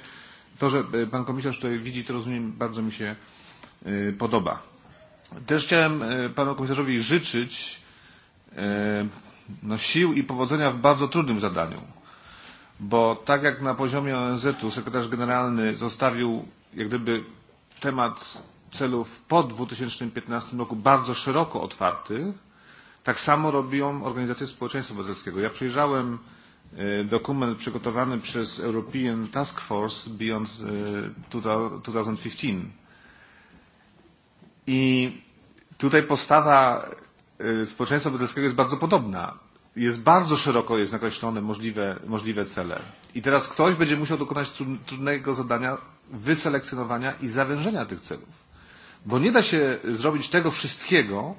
to, że pan komisarz tutaj widzi, to rozumiem, bardzo mi się y, podoba. Też chciałem panu komisarzowi życzyć y, no, sił i powodzenia w bardzo trudnym zadaniu bo tak jak na poziomie ONZ-u sekretarz generalny zostawił jak gdyby temat celów po 2015 roku bardzo szeroko otwarty, tak samo robią organizacje społeczeństwa obywatelskiego. Ja przyjrzałem e, dokument przygotowany przez European Task Force Beyond 2015 e, i tutaj postawa e, społeczeństwa obywatelskiego jest bardzo podobna jest bardzo szeroko jest nakreślone możliwe, możliwe cele. I teraz ktoś będzie musiał dokonać trudnego zadania wyselekcjonowania i zawężenia tych celów. Bo nie da się zrobić tego wszystkiego,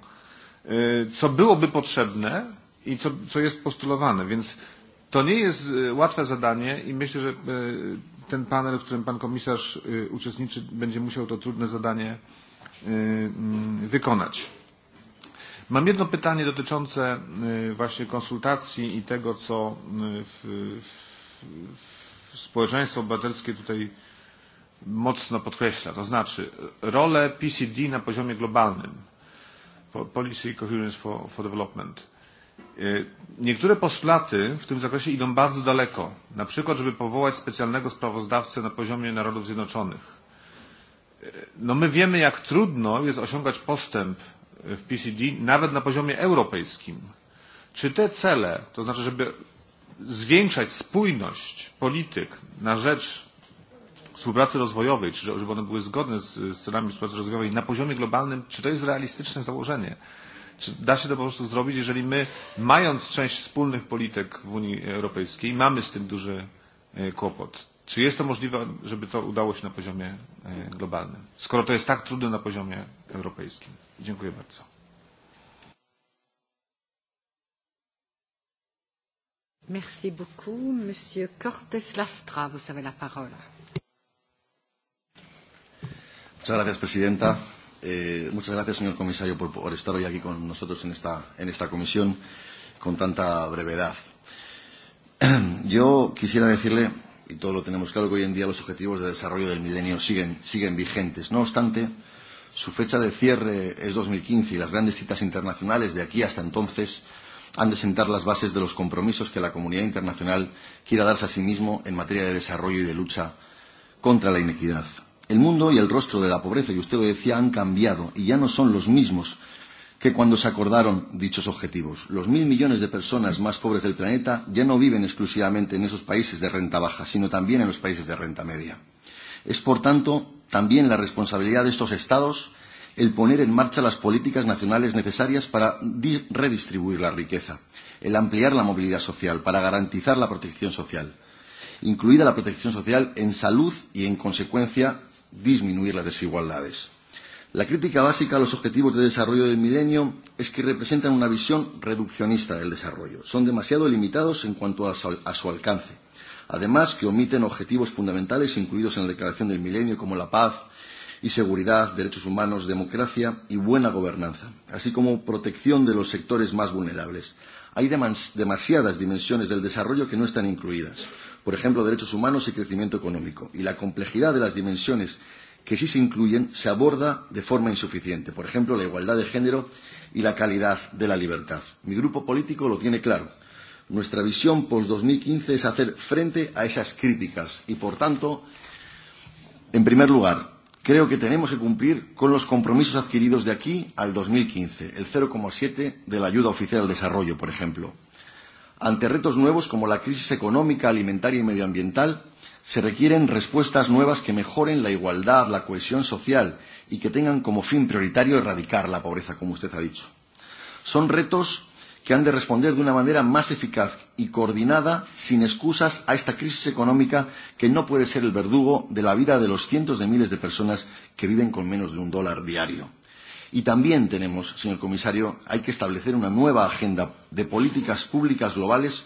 co byłoby potrzebne i co, co jest postulowane. Więc to nie jest łatwe zadanie i myślę, że ten panel, w którym pan komisarz uczestniczy, będzie musiał to trudne zadanie mm, wykonać. Mam jedno pytanie dotyczące właśnie konsultacji i tego, co w, w, społeczeństwo obywatelskie tutaj mocno podkreśla, to znaczy rolę PCD na poziomie globalnym, Policy Coherence for, for Development. Niektóre postulaty w tym zakresie idą bardzo daleko, na przykład, żeby powołać specjalnego sprawozdawcę na poziomie Narodów Zjednoczonych. No my wiemy, jak trudno jest osiągać postęp w PCD nawet na poziomie europejskim. Czy te cele, to znaczy, żeby zwiększać spójność polityk na rzecz współpracy rozwojowej, czy żeby one były zgodne z celami współpracy rozwojowej na poziomie globalnym, czy to jest realistyczne założenie? Czy da się to po prostu zrobić, jeżeli my, mając część wspólnych polityk w Unii Europejskiej, mamy z tym duży e, kłopot? Czy jest to możliwe, żeby to udało się na poziomie e, globalnym, skoro to jest tak trudne na poziomie europejskim? Dziękuję bardzo. Merci beaucoup. Monsieur Cortés Lastra, vous avez la parole. Muchas gracias, Presidenta. Eh, muchas gracias, señor comisario, por, por estar hoy aquí con nosotros en esta, en esta comisión con tanta brevedad. Yo quisiera decirle, y todo lo tenemos claro, que hoy en día los objetivos de desarrollo del milenio siguen, siguen vigentes. No obstante, eh, su fecha de cierre es 2015 y las grandes citas internacionales de aquí hasta entonces han de sentar las bases de los compromisos que la comunidad internacional quiera darse a sí mismo en materia de desarrollo y de lucha contra la inequidad. El mundo y el rostro de la pobreza, y usted lo decía, han cambiado y ya no son los mismos que cuando se acordaron dichos objetivos. Los mil millones de personas más pobres del planeta ya no viven exclusivamente en esos países de renta baja, sino también en los países de renta media. Es, por tanto, También la responsabilidad de estos Estados el poner en marcha las políticas nacionales necesarias para redistribuir la riqueza, el ampliar la movilidad social, para garantizar la protección social, incluida la protección social en salud y, en consecuencia, disminuir las desigualdades. La crítica básica a los objetivos de desarrollo del milenio es que representan una visión reduccionista del desarrollo. Son demasiado limitados en cuanto a su, a su alcance Además, que omiten objetivos fundamentales incluidos en la Declaración del Milenio, como la paz y seguridad, derechos humanos, democracia y buena gobernanza, así como protección de los sectores más vulnerables. Hay demas demasiadas dimensiones del desarrollo que no están incluidas, por ejemplo, derechos humanos y crecimiento económico, y la complejidad de las dimensiones que sí se incluyen se aborda de forma insuficiente, por ejemplo, la igualdad de género y la calidad de la libertad. Mi grupo político lo tiene claro. Nuestra visión post-2015 es hacer frente a esas críticas y, por tanto, en primer lugar, creo que tenemos que cumplir con los compromisos adquiridos de aquí al 2015, el 0,7 de la ayuda oficial al desarrollo, por ejemplo. Ante retos nuevos como la crisis económica, alimentaria y medioambiental, se requieren respuestas nuevas que mejoren la igualdad, la cohesión social y que tengan como fin prioritario erradicar la pobreza, como usted ha dicho. Son retos que han de responder de una manera más eficaz y coordinada, sin excusas, a esta crisis económica que no puede ser el verdugo de la vida de los cientos de miles de personas que viven con menos de un dólar diario. Y también tenemos, señor comisario, hay que establecer una nueva agenda de políticas públicas globales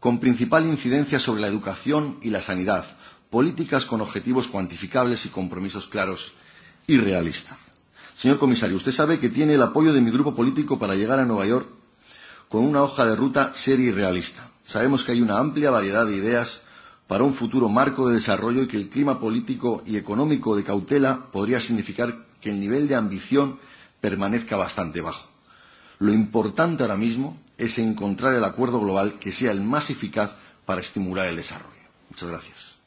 con principal incidencia sobre la educación y la sanidad, políticas con objetivos cuantificables y compromisos claros y realistas. Señor comisario, usted sabe que tiene el apoyo de mi grupo político para llegar a Nueva York con una hoja de ruta seria y realista. Sabemos que hay una amplia variedad de ideas para un futuro marco de desarrollo y que el clima político y económico de cautela podría significar que el nivel de ambición permanezca bastante bajo. Lo importante ahora mismo es encontrar el acuerdo global que sea el más eficaz para estimular el desarrollo. Muchas gracias.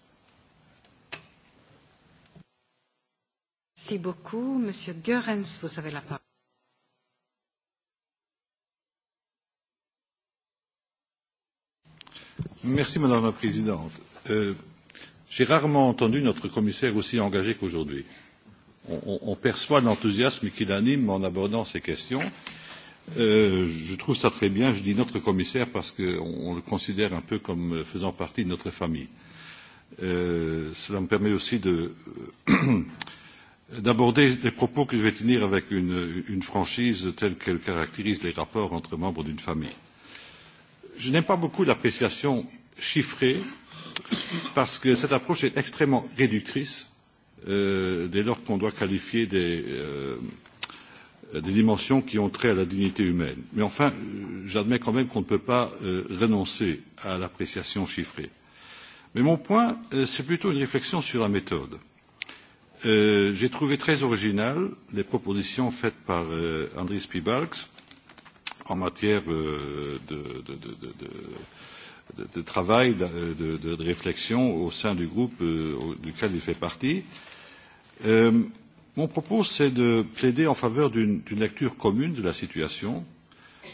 Merci beaucoup. Monsieur Goerens, vous avez la parole. Merci, Madame la Présidente. Euh, J'ai rarement entendu notre commissaire aussi engagé qu'aujourd'hui. On, on, on perçoit l'enthousiasme qui l'anime en abordant ces questions. Euh, je trouve ça très bien. Je dis notre commissaire parce qu'on on le considère un peu comme faisant partie de notre famille. Euh, cela me permet aussi de d'aborder les propos que je vais tenir avec une, une franchise telle qu'elle caractérise les rapports entre membres d'une famille. Je n'aime pas beaucoup l'appréciation chiffrée parce que cette approche est extrêmement réductrice euh, dès lors qu'on doit qualifier des, euh, des dimensions qui ont trait à la dignité humaine. Mais enfin, j'admets quand même qu'on ne peut pas euh, renoncer à l'appréciation chiffrée. Mais mon point, euh, c'est plutôt une réflexion sur la méthode. Euh, J'ai trouvé très originales les propositions faites par euh, Andris Pibalks en matière euh, de, de, de, de, de de, de travail, de, de, de réflexion au sein du groupe euh, duquel il fait partie. Euh, mon propos, c'est de plaider en faveur d'une lecture commune de la situation,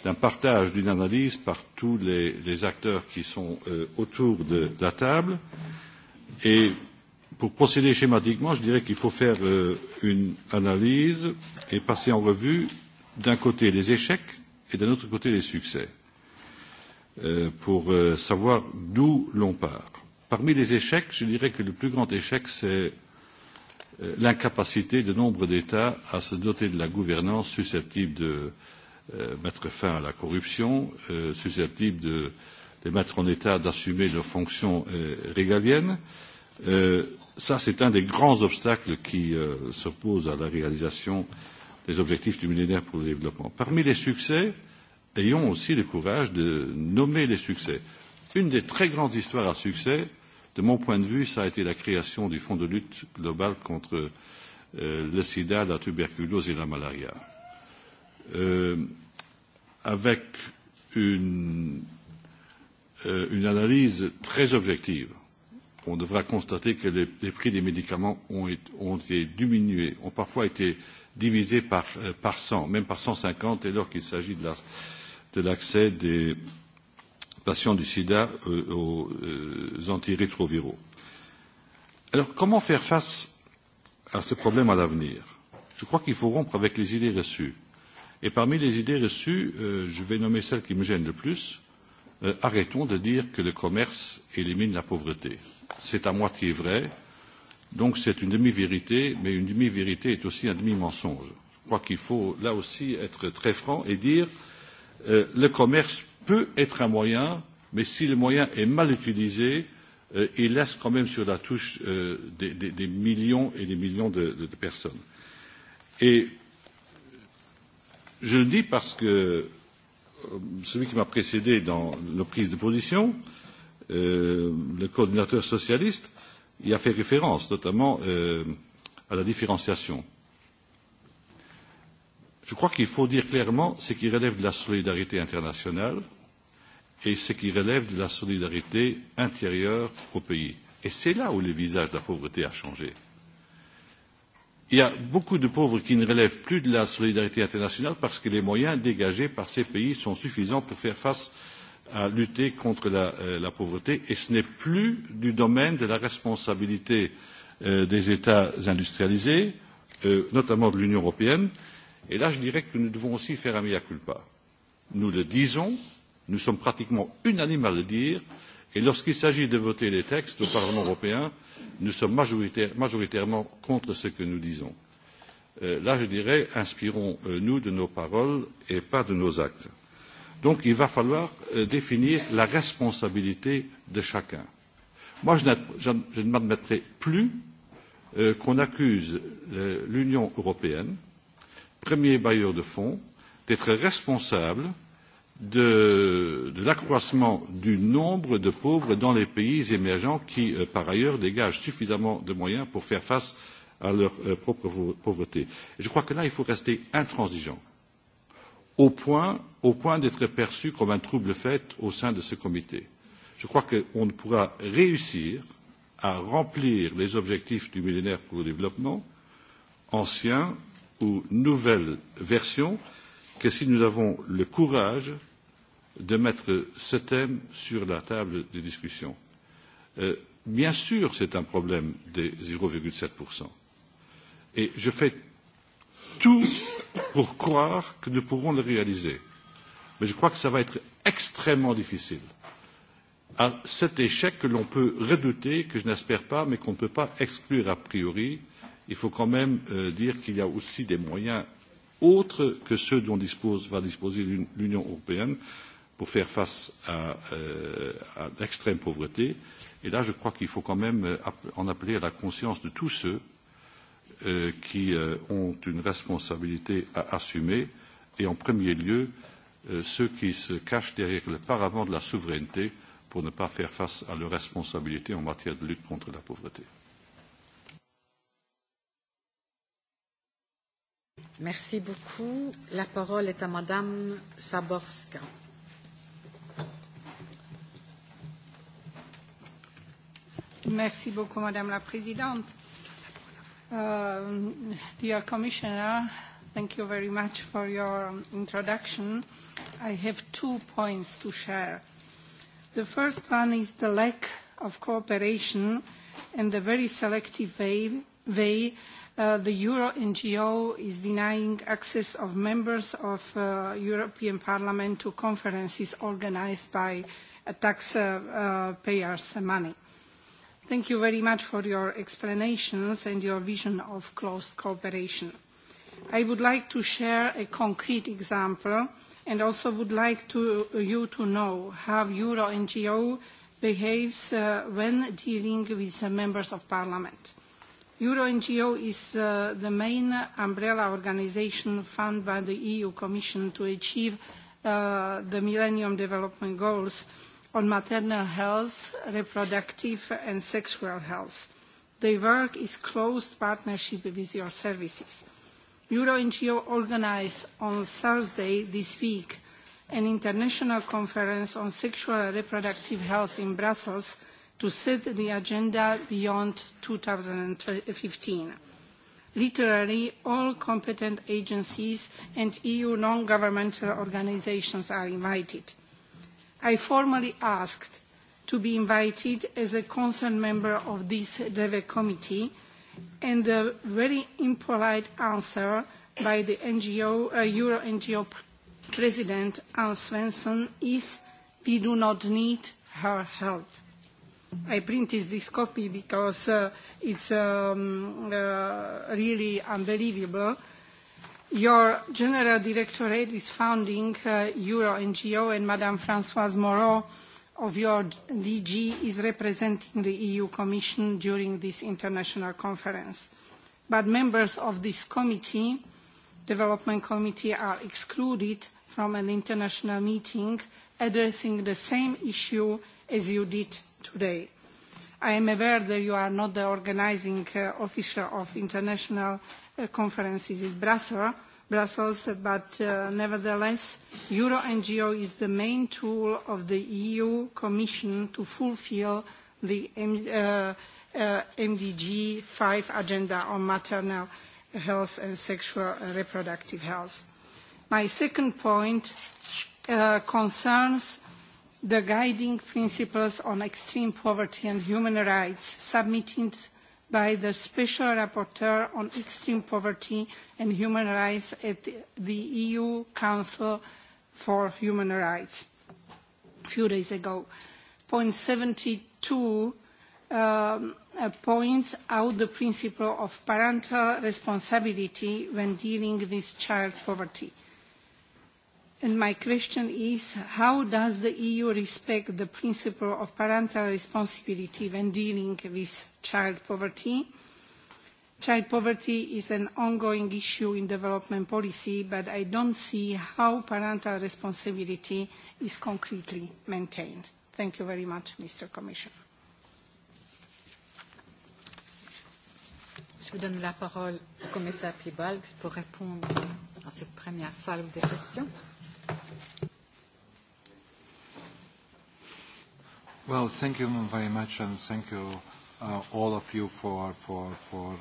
d'un partage, d'une analyse par tous les, les acteurs qui sont euh, autour de, de la table. Et pour procéder schématiquement, je dirais qu'il faut faire euh, une analyse et passer en revue d'un côté les échecs et d'un autre côté les succès. Euh, euh, pour euh, savoir d'où l'on part. Parmi les échecs, je dirais que le plus grand échec, c'est euh, l'incapacité de nombre d'États à se doter de la gouvernance susceptible de euh, mettre fin à la corruption, euh, susceptible de les mettre en état d'assumer leurs fonctions euh, régaliennes. Euh, ça, c'est un des grands obstacles qui euh, s'oppose à la réalisation des objectifs du millénaire pour le développement. Parmi les succès, euh, ayons aussi le courage de nommer les succès. Une des très grandes histoires à succès, de mon point de vue, ça a été la création du Fonds de lutte globale contre euh, le sida, la tuberculose et la malaria. Euh, avec une, euh, une analyse très objective, on devra constater que les, les prix des médicaments ont, et, ont été diminués, ont parfois été divisés par, euh, par 100, même par 150, dès lors qu'il s'agit de la, euh, de l'accès des patients du sida euh, aux euh, antirétroviraux. Alors, comment faire face à ce problème à l'avenir Je crois qu'il faut rompre avec les idées reçues. Et parmi les idées reçues, euh, je vais nommer celle qui me gêne le plus. Euh, arrêtons de dire que le commerce élimine la pauvreté. C'est à moitié vrai, donc c'est une demi-vérité, mais une demi-vérité est aussi un demi-mensonge. Je crois qu'il faut là aussi être très franc et dire euh, Euh, le commerce peut être un moyen, mais si le moyen est mal utilisé, euh, il laisse quand même sur la touche euh, des, des, des millions et des millions de, de, de personnes. Et je le dis parce que euh, celui qui m'a précédé dans nos prises de position, euh, le coordinateur socialiste, y a fait référence, notamment euh, à la différenciation. Je crois qu'il faut dire clairement ce qui relève de la solidarité internationale et ce qui relève de la solidarité intérieure au pays. Et c'est là où le visage de la pauvreté a changé. Il y a beaucoup de pauvres qui ne relèvent plus de la solidarité internationale parce que les moyens dégagés par ces pays sont suffisants pour faire face à lutter contre la, euh, la pauvreté et ce n'est plus du domaine de la responsabilité euh, des États industrialisés, euh, notamment de l'Union européenne, euh, Et là, je dirais que nous devons aussi faire un mea culpa. Nous le disons, nous sommes pratiquement unanimes à le dire, et lorsqu'il s'agit de voter les textes au Parlement européen, nous sommes majoritaire, majoritairement contre ce que nous disons. Euh, là, je dirais, inspirons-nous euh, de nos paroles et pas de nos actes. Donc, il va falloir euh, définir la responsabilité de chacun. Moi, je, je, je ne m'admettrai plus euh, qu'on accuse euh, l'Union européenne euh, premier bailleur de fonds d'être responsable de, de l'accroissement du nombre de pauvres dans les pays émergents qui, euh, par ailleurs, dégagent suffisamment de moyens pour faire face à leur euh, propre pauvreté. Et je crois que là, il faut rester intransigeant, au point, au point d'être perçu comme un trouble fait au sein de ce comité. Je crois qu'on ne pourra réussir à remplir les objectifs du millénaire pour le développement ancien ou nouvelle version que si nous avons le courage de mettre ce thème sur la table des discussions. Euh, bien sûr, c'est un problème des 0,7 et je fais tout pour croire que nous pourrons le réaliser. Mais je crois que ça va être extrêmement difficile. À cet échec que l'on peut redouter, que je n'espère pas, mais qu'on ne peut pas exclure a priori, euh, il faut quand même euh, dire qu'il y a aussi des moyens autres que ceux dont dispose, va disposer l'Union européenne pour faire face à, euh, à l'extrême pauvreté. Et là, je crois qu'il faut quand même euh, en appeler à la conscience de tous ceux euh, qui euh, ont une responsabilité à assumer, et en premier lieu, euh, ceux qui se cachent derrière le paravent de la souveraineté pour ne pas faire face à leurs responsabilités en matière de lutte contre la pauvreté. Merci beaucoup. La parole est à Madame Saborska. Merci beaucoup, Madame la Présidente. Uh, dear Commissioner, thank you very much for your introduction. I have two points to share. The first one is the lack of cooperation and the very selective way, way Uh, the Euro NGO is denying access of members of uh, European Parliament to conferences organized by uh, taxpayers' uh, uh, money. Thank you very much for your explanations and your vision of closed cooperation. I would like to share a concrete example and also would like to, uh, you to know how Euro NGO behaves uh, when dealing with the members of parliament. Euro NGO is uh, the main umbrella organization funded by the EU Commission to achieve uh, the Millennium Development Goals on maternal health, reproductive and sexual health. They work is close partnership with your services. Euro NGO organized on Thursday this week an international conference on sexual and reproductive health in Brussels – to set the agenda beyond 2015. Literally, all competent agencies and EU non-governmental organizations are invited. I formally asked to be invited as a concerned member of this DEVE committee, and the very impolite answer by the NGO, uh, Euro NGO president, Anne Svensson, is we do not need her help. I printed this copy because uh, it's um, uh, really unbelievable. Your general directorate is founding uh, Euro NGO, and Madame Françoise Moreau of your DG is representing the EU Commission during this international conference. But members of this committee, Development Committee, are excluded from an international meeting addressing the same issue as you did today. I am aware that you are not the organizing uh, official of international uh, conferences in Brussels, Brussels but uh, nevertheless, Euro NGO is the main tool of the EU Commission to fulfill the M uh, uh, MDG 5 agenda on maternal health and sexual and reproductive health. My second point uh, concerns the guiding principles on extreme poverty and human rights submitted by the Special Rapporteur on Extreme Poverty and Human Rights at the EU Council for Human Rights a few days ago. Point 72 um, uh, points out the principle of parental responsibility when dealing with child poverty And my question is, how does the EU respect the principle of parental responsibility when dealing with child poverty? Child poverty is an ongoing issue in development policy, but I don't see how parental responsibility is concretely maintained. Thank you very much, Mr. Commissioner. Je vous donne la parole au commissaire Piebalgs pour répondre à cette première salve de questions. Well, thank you very much, and thank you uh, all of you for for for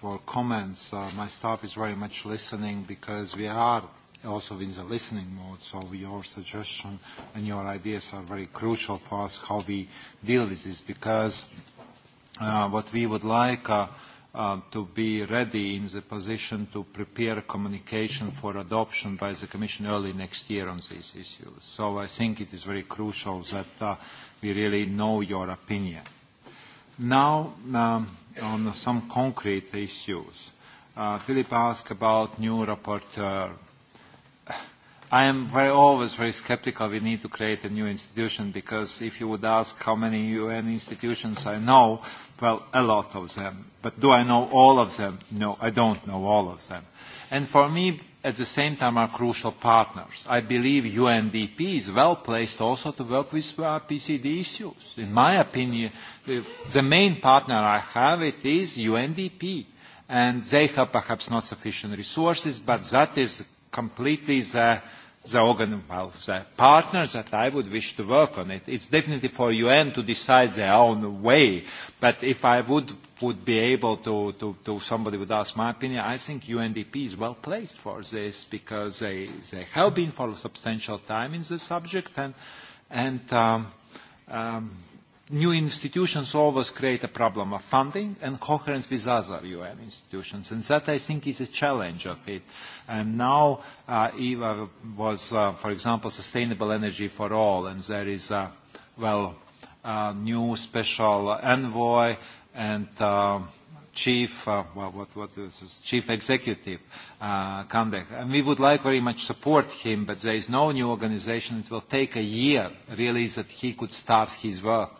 for comments. Uh, my staff is very much listening because we are also in the listening mode. So your suggestion and your ideas are very crucial for us how we deal with this because uh, what we would like. Uh, uh, to be ready in the position to prepare communication for adoption by the Commission early next year on these issues. So I think it is very crucial that uh, we really know your opinion. Now, um, on some concrete issues. Uh, Philip asked about new rapporteur. I am very, always very skeptical we need to create a new institution because if you would ask how many UN institutions I know, well, a lot of them. But do I know all of them? No, I don't know all of them. And for me, at the same time are crucial partners. I believe UNDP is well placed also to work with uh, PCD issues. In my opinion, the, the main partner I have it is UNDP, and they have perhaps not sufficient resources, but that is completely the the organ, well, the partners that I would wish to work on it. It's definitely for UN to decide their own way, but if I would would be able to, to, to somebody would ask my opinion, I think UNDP is well placed for this because they, they have been for a substantial time in the subject and, and um, um, new institutions always create a problem of funding and coherence with other UN institutions. And that, I think, is a challenge of it. And now uh, EVA was, uh, for example, Sustainable Energy for All, and there is a, well, uh, new special envoy and uh, chief, uh, well, what, what is this, chief executive uh, conduct. And we would like very much support him, but there is no new organization. It will take a year, really, that he could start his work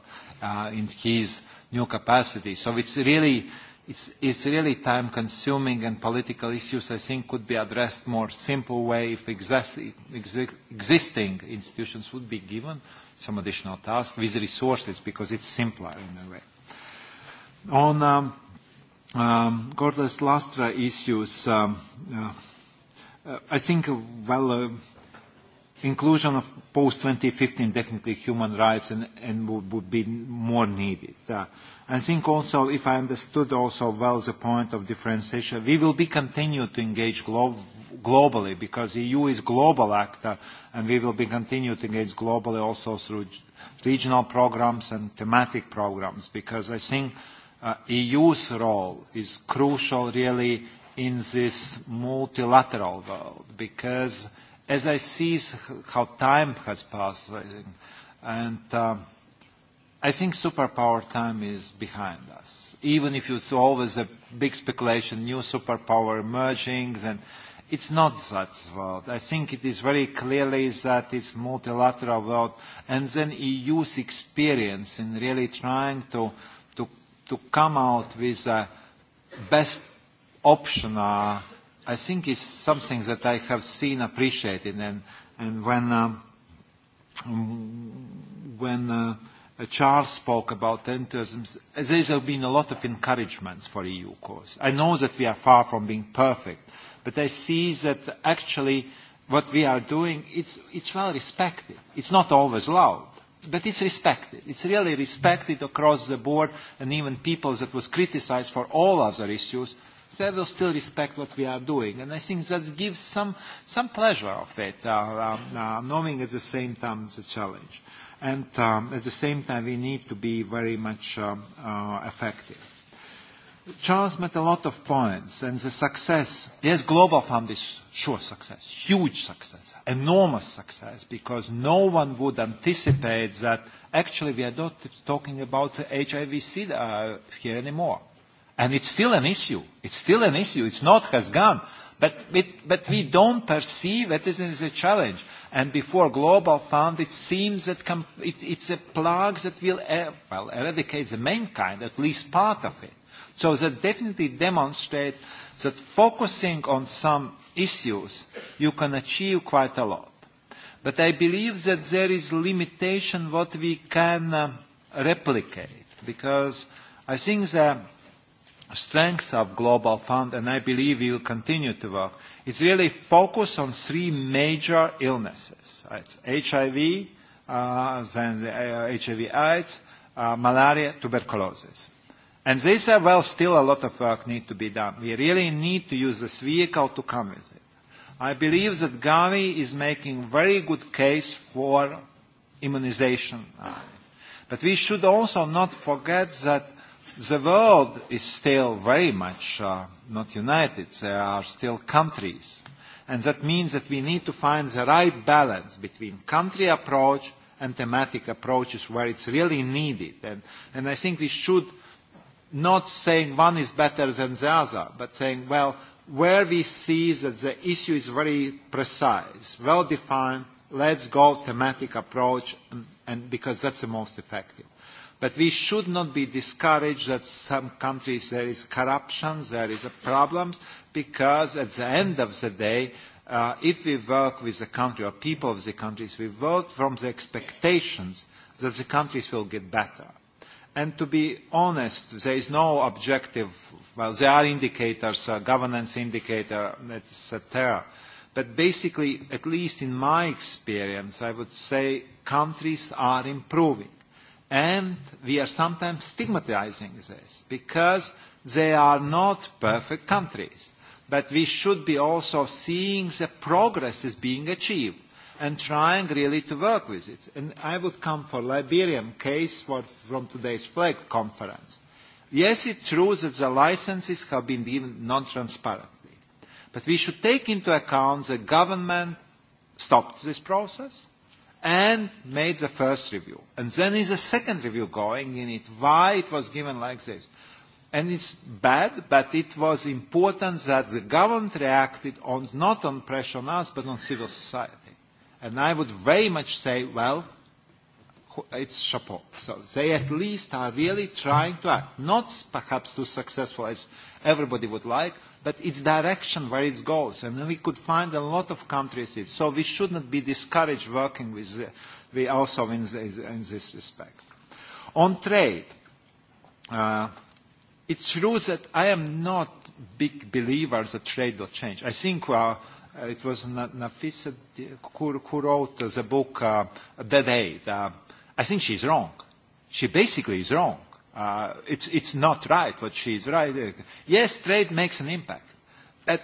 uh, in his new capacity. So it's really, it's, it's really time-consuming, and political issues, I think, could be addressed more simple way if exist, exi existing institutions would be given some additional tasks with resources, because it's simpler in a way. On um, um, Gordas Lastra issues, um, uh, I think, well, uh, inclusion of post-2015, definitely human rights and, and would, would be more needed. Uh, I think also, if I understood also well the point of differentiation, we will be continue to engage glo globally because the EU is global actor, and we will be continue to engage globally also through regional programs and thematic programs, because I think uh, EU's role is crucial really in this multilateral world because as I see how time has passed and uh, I think superpower time is behind us. Even if it's always a big speculation, new superpower emerging, and it's not that world. I think it is very clearly that it's multilateral world, and then EU's experience in really trying to uh, to come out with a best option, uh, I think is something that I have seen appreciated. And, and when, um, when uh, Charles spoke about entusiasm, there has been a lot of encouragements for EU cause. I know that we are far from being perfect, but I see that actually what we are doing, it's, it's well respected. It's not always loud, but it's respected. It's really respected across the board, and even people that was criticized for all other issues, they will still respect what we are doing. And I think that gives some, some pleasure of it, uh, um, uh, knowing at the same time the challenge. And um, at the same time, we need to be very much um, uh, effective. Charles made a lot of points, and the success. Yes, Global Fund is sure success, huge success, enormous success, because no one would anticipate that actually we are not talking about HIV-SIDA uh, here anymore. And it's still an issue. It's still an issue. It's not has gone. But, it, but we don't perceive that this is a challenge. And before Global Fund, it seems that com- it, it's a plague that will er- well, eradicate the mankind, at least part of it. So that definitely demonstrates that focusing on some issues, you can achieve quite a lot. But I believe that there is limitation what we can uh, replicate, because I think the strength of Global Fund, and I believe we will continue to work, is really focused on three major illnesses. It's HIV, uh, then the, uh, HIV AIDS, uh, malaria, tuberculosis. And they said, well, still a lot of work needs to be done. We really need to use this vehicle to convince it. I believe that Gavi is making very good case for immunization. But we should also not forget that the world is still very much uh, not united. There are still countries. And that means that we need to find the right balance between country approach and thematic approaches where it's really needed. And, and I think we should – not saying one is better than the other, but saying, well, where we see that the issue is very precise, well defined, let's go thematic approach, and, and because that's the most effective. But we should not be discouraged that some countries there is corruption, there is problems, because at the end of the day, uh, if we work with the country or people of the countries, we work from the expectations that the countries will get better. And to be honest, there is no objective, well, there are indicators, uh, governance indicator, etc. But basically, at least in my experience, I would say countries are improving. And we are sometimes stigmatizing this because they are not perfect countries. But we should be also seeing the progress is being achieved and trying really to work with it. And I would come for Liberian case for, from today's flag conference. Yes, it's true that the licenses have been given non-transparently. But we should take into account the government stopped this process and made the first review. And then is a second review going in it, why it was given like this. And it's bad, but it was important that the government reacted on, not on pressure on us, but on civil society. And I would very much say, well, it's chapeau. So they at least are really trying to act. Not perhaps too successful as everybody would like, but its direction where it goes. And we could find a lot of countries. It. So we should not be discouraged working with uh, we also in, the, in this respect. On trade, uh, it's true that I am not big believer that trade will change. I think we are Uh, it was Nafisa who, who wrote the book uh, The Day. The, I think she's wrong. She basically is wrong. Uh, it's, it's not right what she's right. Yes, trade makes an impact. That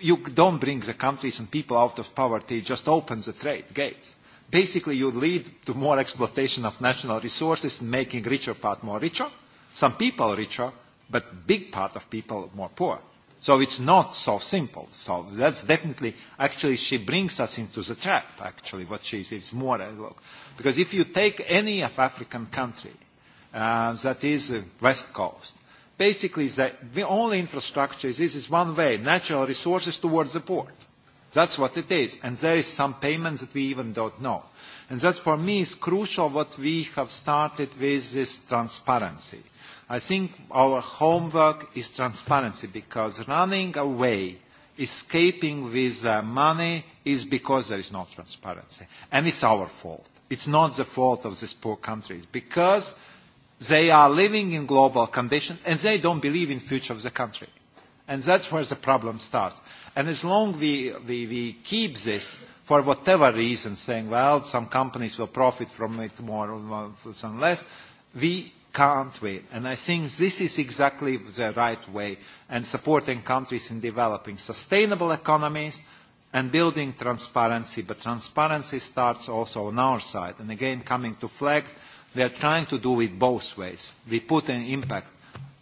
you don't bring the countries and people out of poverty, just open the trade gates. Basically, you lead to more exploitation of national resources, making richer part more richer, some people richer, but big part of people more poor. Uh, So it's not so simple. So that's definitely, actually, she brings us into the trap, actually, what she is. It's more, uh, look. Because if you take any of African country, uh, that is uh, West Coast, basically the, the only infrastructure is, is one way, natural resources towards the port. That's what it is. And there is some payments that we even don't know. And that for me is crucial what we have started with this transparency. Uh, I think our homework is transparency because running away, escaping with uh, money is because there is no transparency. And it's our fault. It's not the fault of these poor countries because they are living in global conditions and they don't believe in future of the country. And that's where the problem starts. And as long we, we, we keep this for whatever reason, saying, well, some companies will profit from it more or some less, we can't we? And I think this is exactly the right way and supporting countries in developing sustainable economies and building transparency. But transparency starts also on our side. And again, coming to flag, we are trying to do it both ways. We put an impact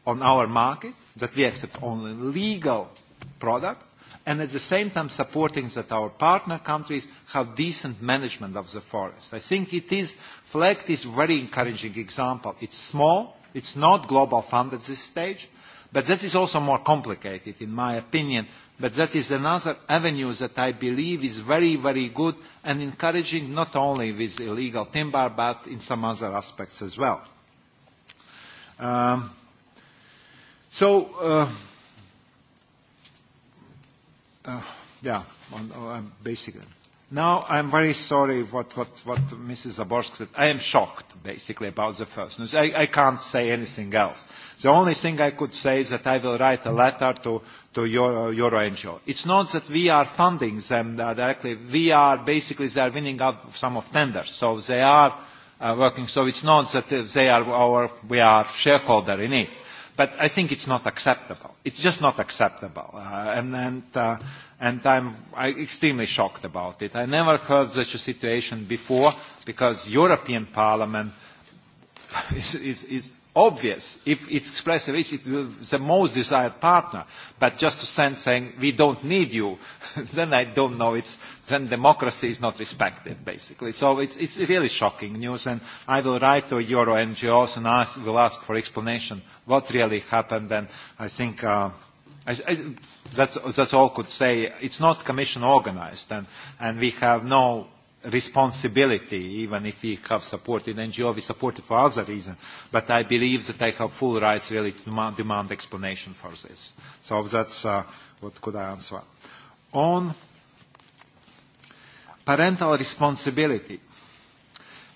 on our market that we accept only legal product and at the same time supporting that our partner countries have decent management of the forest. I think it is, FLECT is a very encouraging example. It's small, it's not global fund at this stage, but that is also more complicated in my opinion, but that is another avenue that I believe is very, very good and encouraging not only with illegal timber, but in some other aspects as well. Um, so, uh, Uh, yeah, on, on, oh, basically. Now, I'm very sorry what, what, what Mrs. Zaborsk said. I am shocked, basically, about the first news. I, I can't say anything else. The only thing I could say is that I will write a letter to, to Euro, Euro NGO. It's not that we are funding them uh, directly. We are basically, they are winning out some of tenders. So they are uh, working. So it's not that they are our, we are shareholder in it. But I think it's not acceptable. It's just not acceptable. Uh, and and, uh, and I'm I extremely shocked about it. I never heard such a situation before because European Parliament is, is, is obvious. If it's expressive, it's the most desired partner. But just to send saying, we don't need you, then I don't know. It's, then democracy is not respected, basically. So it's, it's really shocking news. And I will write to Euro NGOs and ask, will ask for explanation what really happened. And I think uh, I, I, that's, that's all could say. It's not commission organized, and, and we have no responsibility, even if we have supported NGO, we supported for other reasons. But I believe that I have full rights really to demand, demand explanation for this. So that's uh, what could I answer. On parental responsibility,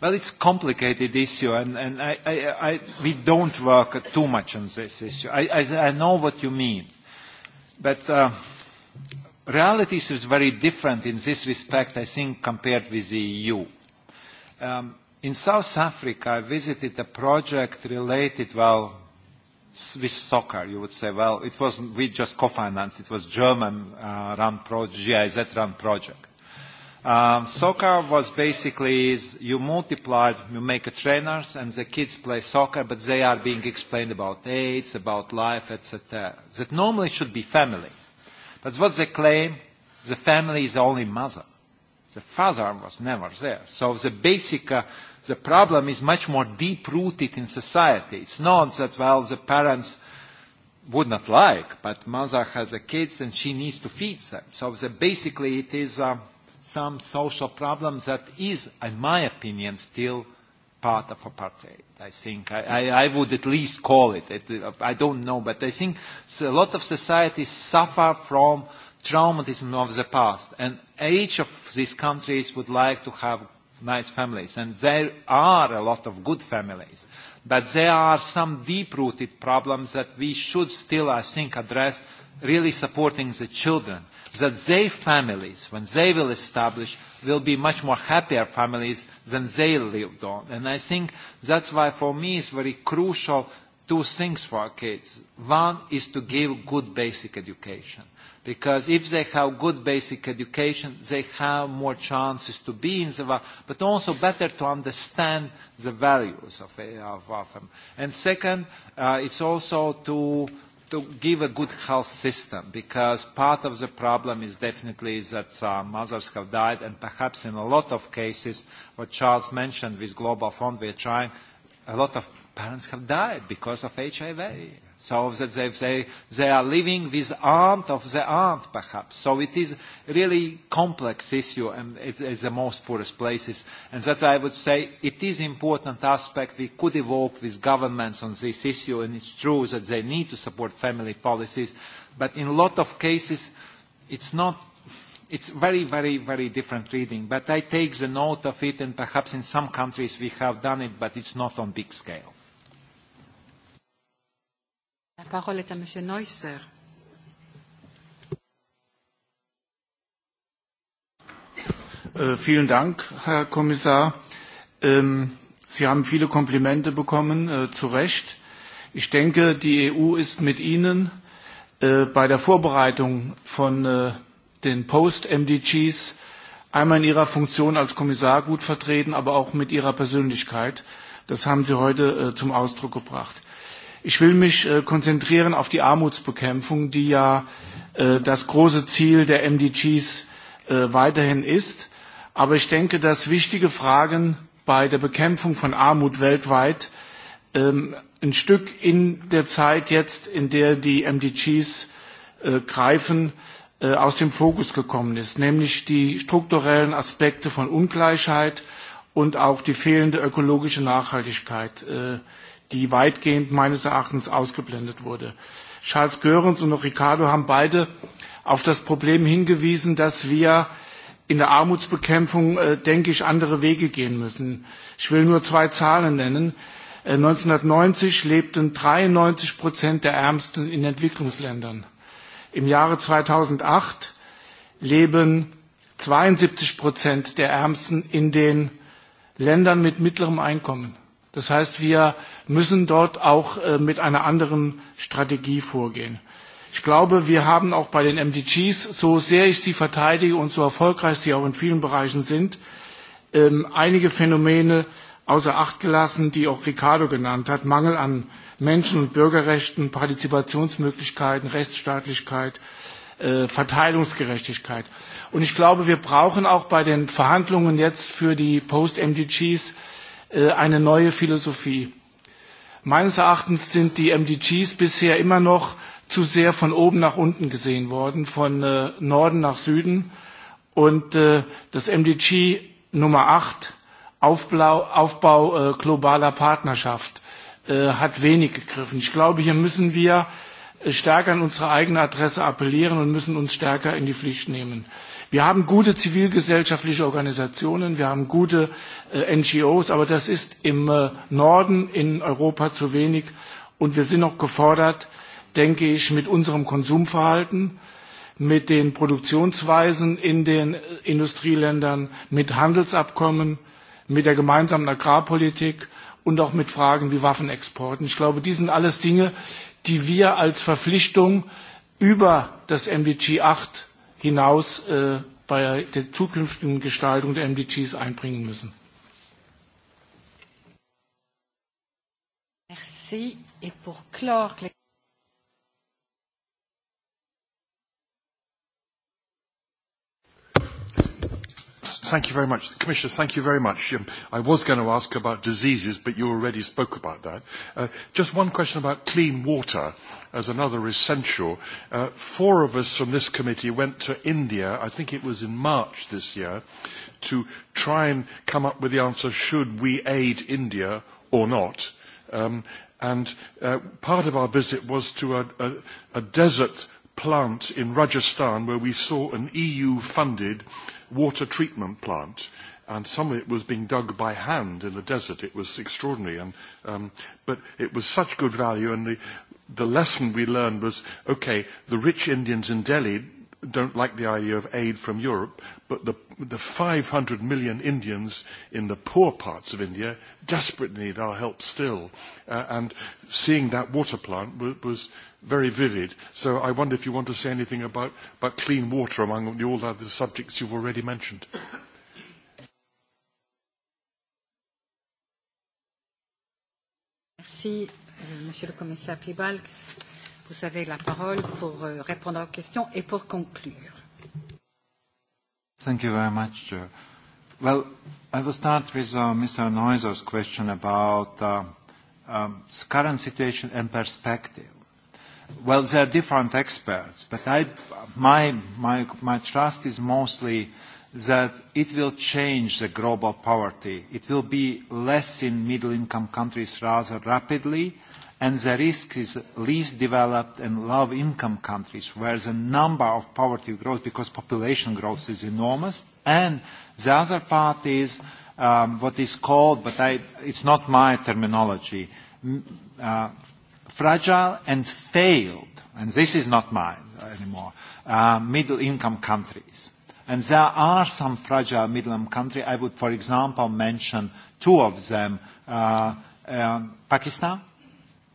Well, it's complicated issue, and, and I, I, I, we don't work too much on this issue. I, I, I know what you mean, but uh, realities is very different in this respect, I think, compared with the EU. Um, in South Africa, I visited a project related, well, Swiss soccer, you would say, well, it wasn't, we just co-financed, it was German-run uh, project, GIZ-run project. Um, soccer was basically is you multiply, you make a trainers, and the kids play soccer, but they are being explained about AIDS, about life, etc. That normally should be family. But what they claim, the family is the only mother. The father was never there. So the basic, uh, the problem is much more deep-rooted in society. It's not that, well, the parents would not like, but mother has the kids and she needs to feed them. So the, basically it is... Uh, um, some social problems that is, in my opinion, still part of apartheid. I think I, I, I would at least call it. it. I don't know, but I think a lot of societies suffer from traumatism of the past, and each of these countries would like to have nice families, and there are a lot of good families, but there are some deep-rooted problems that we should still, I think, address, really supporting the children that their families, when they will establish, will be much more happier families than they lived on. And I think that's why for me it's very crucial two things for our kids. One is to give good basic education. Because if they have good basic education, they have more chances to be in the world, but also better to understand the values of, of, of them. And second, uh, it's also to uh, to give a good health system because part of the problem is definitely that uh, mothers have died and perhaps in a lot of cases what Charles mentioned with Global Fund we're trying a lot of parents have died because of HIV So that they, they, they are living with aunt of the aunt, perhaps. So it is really complex issue, and it, it's the most poorest places. And that I would say it is important aspect. We could evoke with governments on this issue, and it's true that they need to support family policies. But in a lot of cases, it's not it's very, very, very different reading. But I take the note of it, and perhaps in some countries we have done it, but it's not on big scale parole est à Monsieur Neusser. Äh, vielen Dank, Herr Kommissar. Ähm, Sie haben viele Komplimente bekommen, äh, zu Recht. Ich denke, die EU ist mit Ihnen äh, bei der Vorbereitung von äh, den Post-MDGs einmal in Ihrer Funktion als Kommissar gut vertreten, aber auch mit Ihrer Persönlichkeit. Das haben Sie heute äh, zum Ausdruck gebracht. Ich will mich äh, konzentrieren auf die Armutsbekämpfung, die ja äh, das große Ziel der MDGs äh, weiterhin ist. Aber ich denke, dass wichtige Fragen bei der Bekämpfung von Armut weltweit ähm, ein Stück in der Zeit jetzt, in der die MDGs äh, greifen, äh, aus dem Fokus gekommen ist, nämlich die strukturellen Aspekte von Ungleichheit und auch die fehlende ökologische Nachhaltigkeit. Äh, die weitgehend meines Erachtens ausgeblendet wurde. Charles Görens und auch Ricardo haben beide auf das Problem hingewiesen, dass wir in der Armutsbekämpfung, äh, denke ich, andere Wege gehen müssen. Ich will nur zwei Zahlen nennen. Äh, 1990 lebten 93 Prozent der Ärmsten in Entwicklungsländern. Im Jahre 2008 leben 72 Prozent der Ärmsten in den Ländern mit mittlerem Einkommen. Das heißt, wir müssen dort auch äh, mit einer anderen Strategie vorgehen. Ich glaube, wir haben auch bei den MDGs, so sehr ich sie verteidige und so erfolgreich sie auch in vielen Bereichen sind, ähm, einige Phänomene außer Acht gelassen, die auch Ricardo genannt hat. Mangel an Menschen- und Bürgerrechten, Partizipationsmöglichkeiten, Rechtsstaatlichkeit, äh, Verteilungsgerechtigkeit. Und ich glaube, wir brauchen auch bei den Verhandlungen jetzt für die Post-MDGs Äh, eine neue Philosophie. Meines Erachtens sind die MDGs bisher immer noch zu sehr von oben nach unten gesehen worden, von äh, Norden nach Süden. Und äh, das MDG Nummer 8, Aufbau, Aufbau äh, globaler Partnerschaft, äh, hat wenig gegriffen. Ich glaube, hier müssen wir äh, stärker an unsere eigene Adresse appellieren und müssen uns stärker in die Pflicht nehmen. Äh, Wir haben gute zivilgesellschaftliche Organisationen, wir haben gute äh, NGOs, aber das ist im äh, Norden in Europa zu wenig. Und wir sind noch gefordert, denke ich, mit unserem Konsumverhalten, mit den Produktionsweisen in den äh, Industrieländern, mit Handelsabkommen, mit der gemeinsamen Agrarpolitik und auch mit Fragen wie Waffenexporten. Ich glaube, die sind alles Dinge, die wir als Verpflichtung über das MDG 8 hinaus äh, bei der zukünftigen Gestaltung der MDGs einbringen müssen. Merci. Et pour clore... Thank you very much. Commissioner, thank you very much. Um, I was going to ask about diseases, but you already spoke about that. Uh, just one question about clean water as another essential. Uh, four of us from this committee went to India, I think it was in March this year, to try and come up with the answer, should we aid India or not? Um, and uh, part of our visit was to a, a, a desert plant in Rajasthan where we saw an EU-funded water treatment plant and some of it was being dug by hand in the desert. It was extraordinary. And, um, but it was such good value and the, the lesson we learned was, okay, the rich Indians in Delhi don't like the idea of aid from Europe, but the, the 500 million Indians in the poor parts of India desperately need our help still. Uh, and seeing that water plant was, was very vivid. So I wonder if you want to say anything about, about clean water among all the other subjects you've already mentioned. Merci, euh, Monsieur le Commissaire Pibalks. Vous avez la parole pour euh, répondre aux questions et pour conclure. Thank you very much, Chair. Well, I will start with uh, Mr. Neuser's question about uh, um, current situation and perspective. Well, there are different experts, but I, my, my, my trust is mostly that it will change the global poverty. It will be less in middle-income countries rather rapidly, and the risk is least developed and low income countries where the number of poverty growth because population growth is enormous and the other part is um, what is called but I, it's not my terminology uh, fragile and failed and this is not mine anymore uh, middle income countries and there are some fragile middle income countries I would for example mention two of them uh, um, Pakistan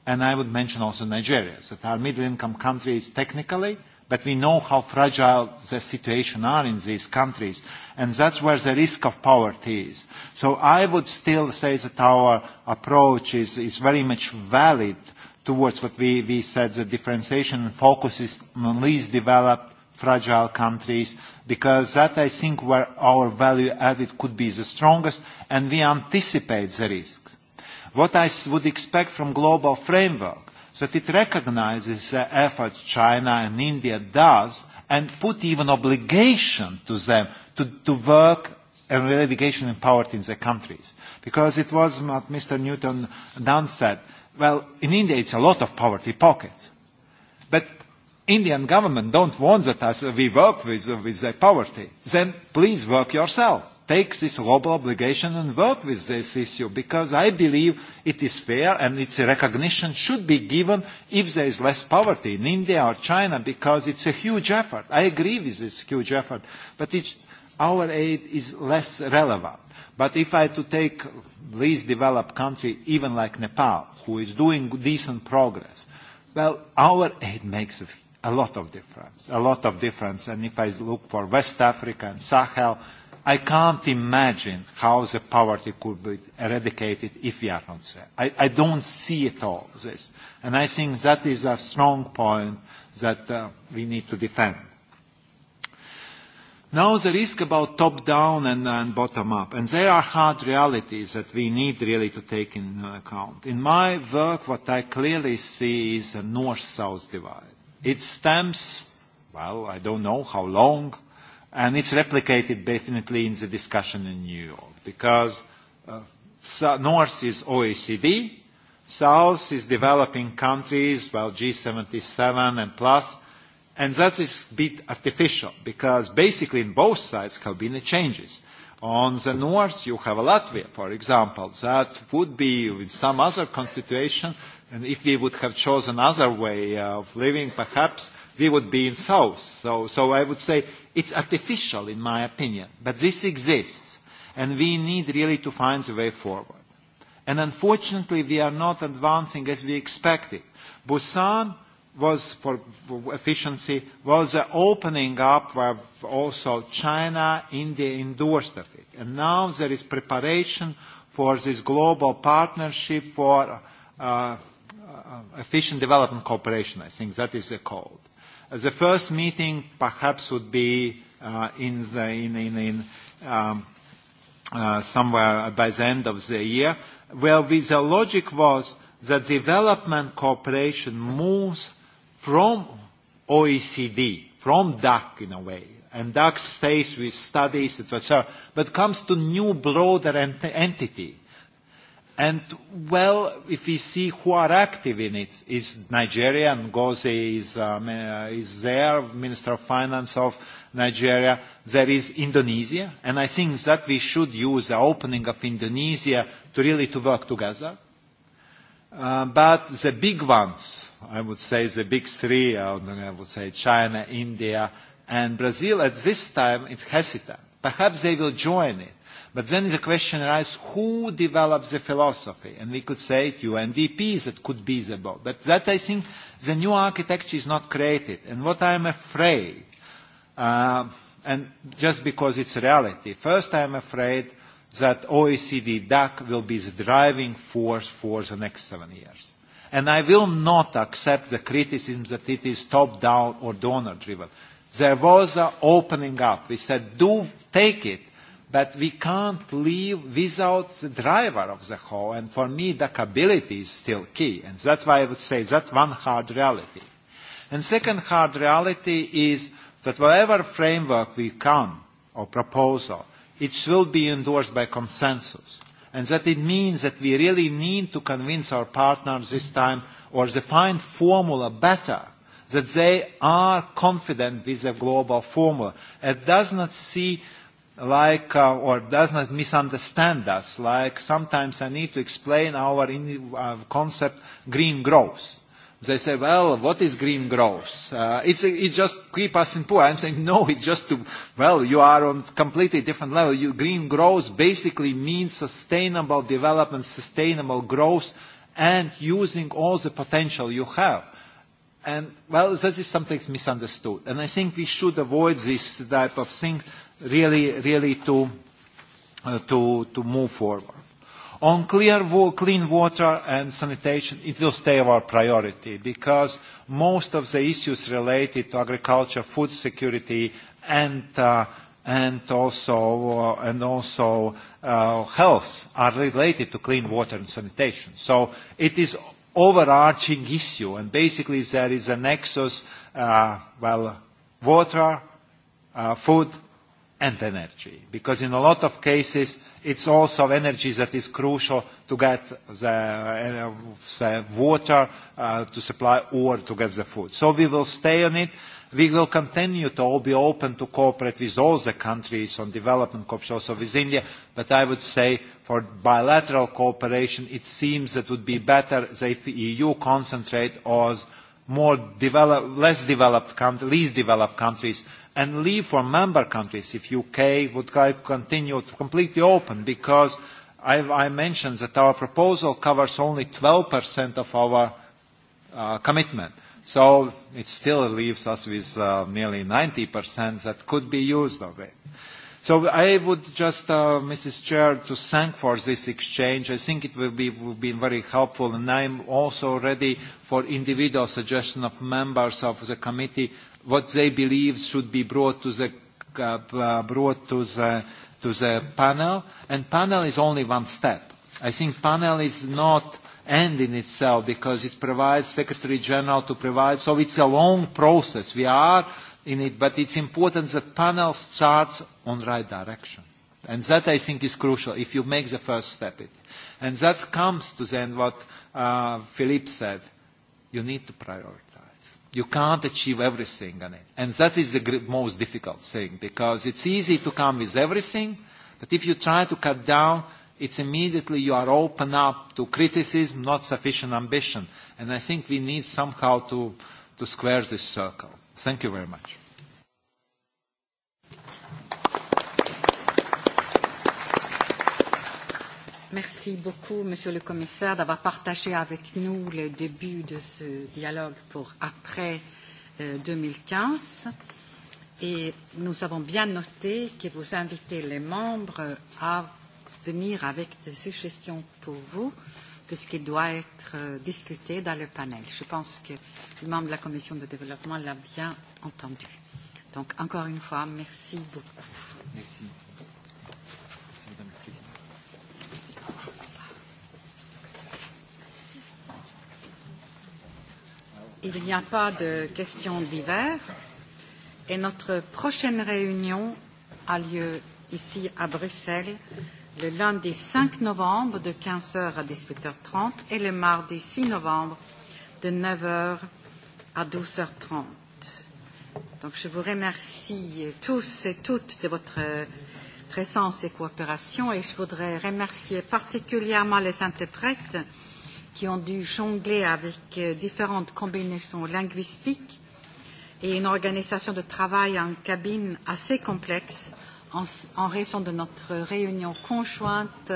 and I would mention also Nigeria, that are middle-income countries technically, but we know how fragile the situation are in these countries, and that's where the risk of poverty is. So I would still say that our approach is, is very much valid towards what we, we said, the differentiation focuses on least developed, fragile countries, because that I think where our value added could be the strongest, and we anticipate the risk. What I would expect from global framework, that it recognizes the efforts China and India does and put even obligation to them to, to work and eradication in poverty in their countries. Because it was what Mr. Newton Dunn said. Well, in India it's a lot of poverty pockets. But Indian government don't want that as we work with, with their poverty. Then please work yourself take this global obligation and work with this issue because I believe it is fair and its recognition should be given if there is less poverty in India or China because it's a huge effort. I agree with this huge effort, but it's, our aid is less relevant. But if I to take least developed country, even like Nepal, who is doing decent progress, well, our aid makes a, a lot of difference, a lot of difference. And if I look for West Africa and Sahel, I can't imagine how the poverty could be eradicated if we are not there. I, I don't see at all this. And I think that is a strong point that uh, we need to defend. Now the risk about top-down and, and bottom-up, and there are hard realities that we need really to take into account. In my work, what I clearly see is a north-south divide. It stems, well, I don't know how long, And it's replicated definitely in the discussion in New York because uh, so North is OECD, South is developing countries, well, G77 and plus, and that is a bit artificial because basically in both sides cabinet changes. On the north, you have Latvia, for example. That would be in some other constitution, and if we would have chosen another way of living, perhaps we would be in south. So, so I would say It's artificial, in my opinion, but this exists, and we need really to find the way forward. And unfortunately, we are not advancing as we expected. Busan was for efficiency was the opening up where also China, India endorsed of it. And now there is preparation for this global partnership for uh, uh efficient development cooperation, I think that is called. The first meeting perhaps would be uh, in the, in, in, in, um, uh, somewhere by the end of the year, where we, the logic was that development cooperation moves from OECD, from DAC in a way, and DAC stays with studies, etc., but comes to new broader ent- entity And well, if we see who are active in it, is Nigeria, Ngozi is, um, uh, is there, Minister of Finance of Nigeria. There is Indonesia, and I think that we should use the opening of Indonesia to really to work together. Uh, but the big ones, I would say the big three, uh, I would say China, India, and Brazil, at this time it hesitant. Perhaps they will join it But then the question arises, who develops the philosophy? And we could say it UNDPs, it could be the board. But that, I think, the new architecture is not created. And what I'm afraid, uh, and just because it's reality, first I'm afraid that OECD DAC will be the driving force for the next seven years. And I will not accept the criticism that it is top-down or donor-driven. There was an opening up. We said, do take it but we can't live without the driver of the whole. And for me, duckability is still key. And that's why I would say that's one hard reality. And second hard reality is that whatever framework we come or proposal, it will be endorsed by consensus. And that it means that we really need to convince our partners this time or the find formula better that they are confident with the global formula and does not see like uh, or does not misunderstand us. Like sometimes I need to explain our in, uh, concept green growth. They say, well, what is green growth? Uh, it's, it just keep us in poor. I'm saying, no, it's just to, well, you are on completely different level. You, green growth basically means sustainable development, sustainable growth, and using all the potential you have. And, well, that is sometimes misunderstood. And I think we should avoid this type of things really, really to, uh, to, to move forward. On clear wa- clean water and sanitation, it will stay our priority because most of the issues related to agriculture, food security, and, uh, and also, uh, and also uh, health are related to clean water and sanitation. So it is overarching issue, and basically there is a nexus, uh, well, water, uh, food, and energy, because in a lot of cases it's also energy that is crucial to get the, uh, the water uh, to supply or to get the food. So we will stay on it. We will continue to all be open to cooperate with all the countries on development cooperation, also with India, but I would say for bilateral cooperation it seems that it would be better if the EU concentrate on more develop, less developed, least developed countries and leave for member countries if UK would like to continue to completely open because I, I mentioned that our proposal covers only 12% of our uh, commitment. So it still leaves us with uh, nearly 90% that could be used of it. So I would just, uh, Mrs. Chair, to thank for this exchange. I think it will be, will be very helpful, and I'm also ready for individual suggestion of members of the committee what they believe should be brought to the, uh, brought to the, to the panel. And panel is only one step. I think panel is not end in itself because it provides Secretary General to provide. So it's a long process. We are in it, but it's important that panel starts on right direction. And that I think is crucial if you make the first step. It. And that comes to then what uh, Philippe said. You need to prioritize. You can't achieve everything on it. And that is the most difficult thing because it's easy to come with everything, but if you try to cut down, it's immediately you are open up to criticism, not sufficient ambition. And I think we need somehow to, to square this circle. Thank you very much. Merci beaucoup, Monsieur le Commissaire, d'avoir partagé avec nous le début de ce dialogue pour après euh, 2015. Et nous avons bien noté que vous invitez les membres à venir avec des suggestions pour vous de ce qui doit être euh, discuté dans le panel. Je pense que le membre de la Commission de développement l'a bien entendu. Donc, encore une fois, merci beaucoup. Merci. Il n'y a pas de questions d'hiver et notre prochaine réunion a lieu ici à Bruxelles le lundi 5 novembre de 15h à 18h30 et le mardi 6 novembre de 9h à 12h30. Donc je vous remercie tous et toutes de votre présence et coopération et je voudrais remercier particulièrement les interprètes qui ont dû jongler avec euh, différentes combinaisons linguistiques et une organisation de travail en cabine assez complexe en, en raison de notre réunion conjointe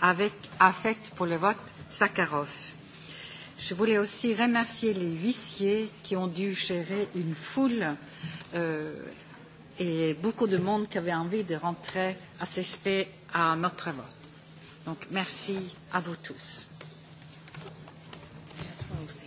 avec AFET pour le vote Sakharov. Je voulais aussi remercier les huissiers qui ont dû gérer une foule euh, et beaucoup de monde qui avait envie de rentrer assister à notre vote. Donc merci à vous tous. Close.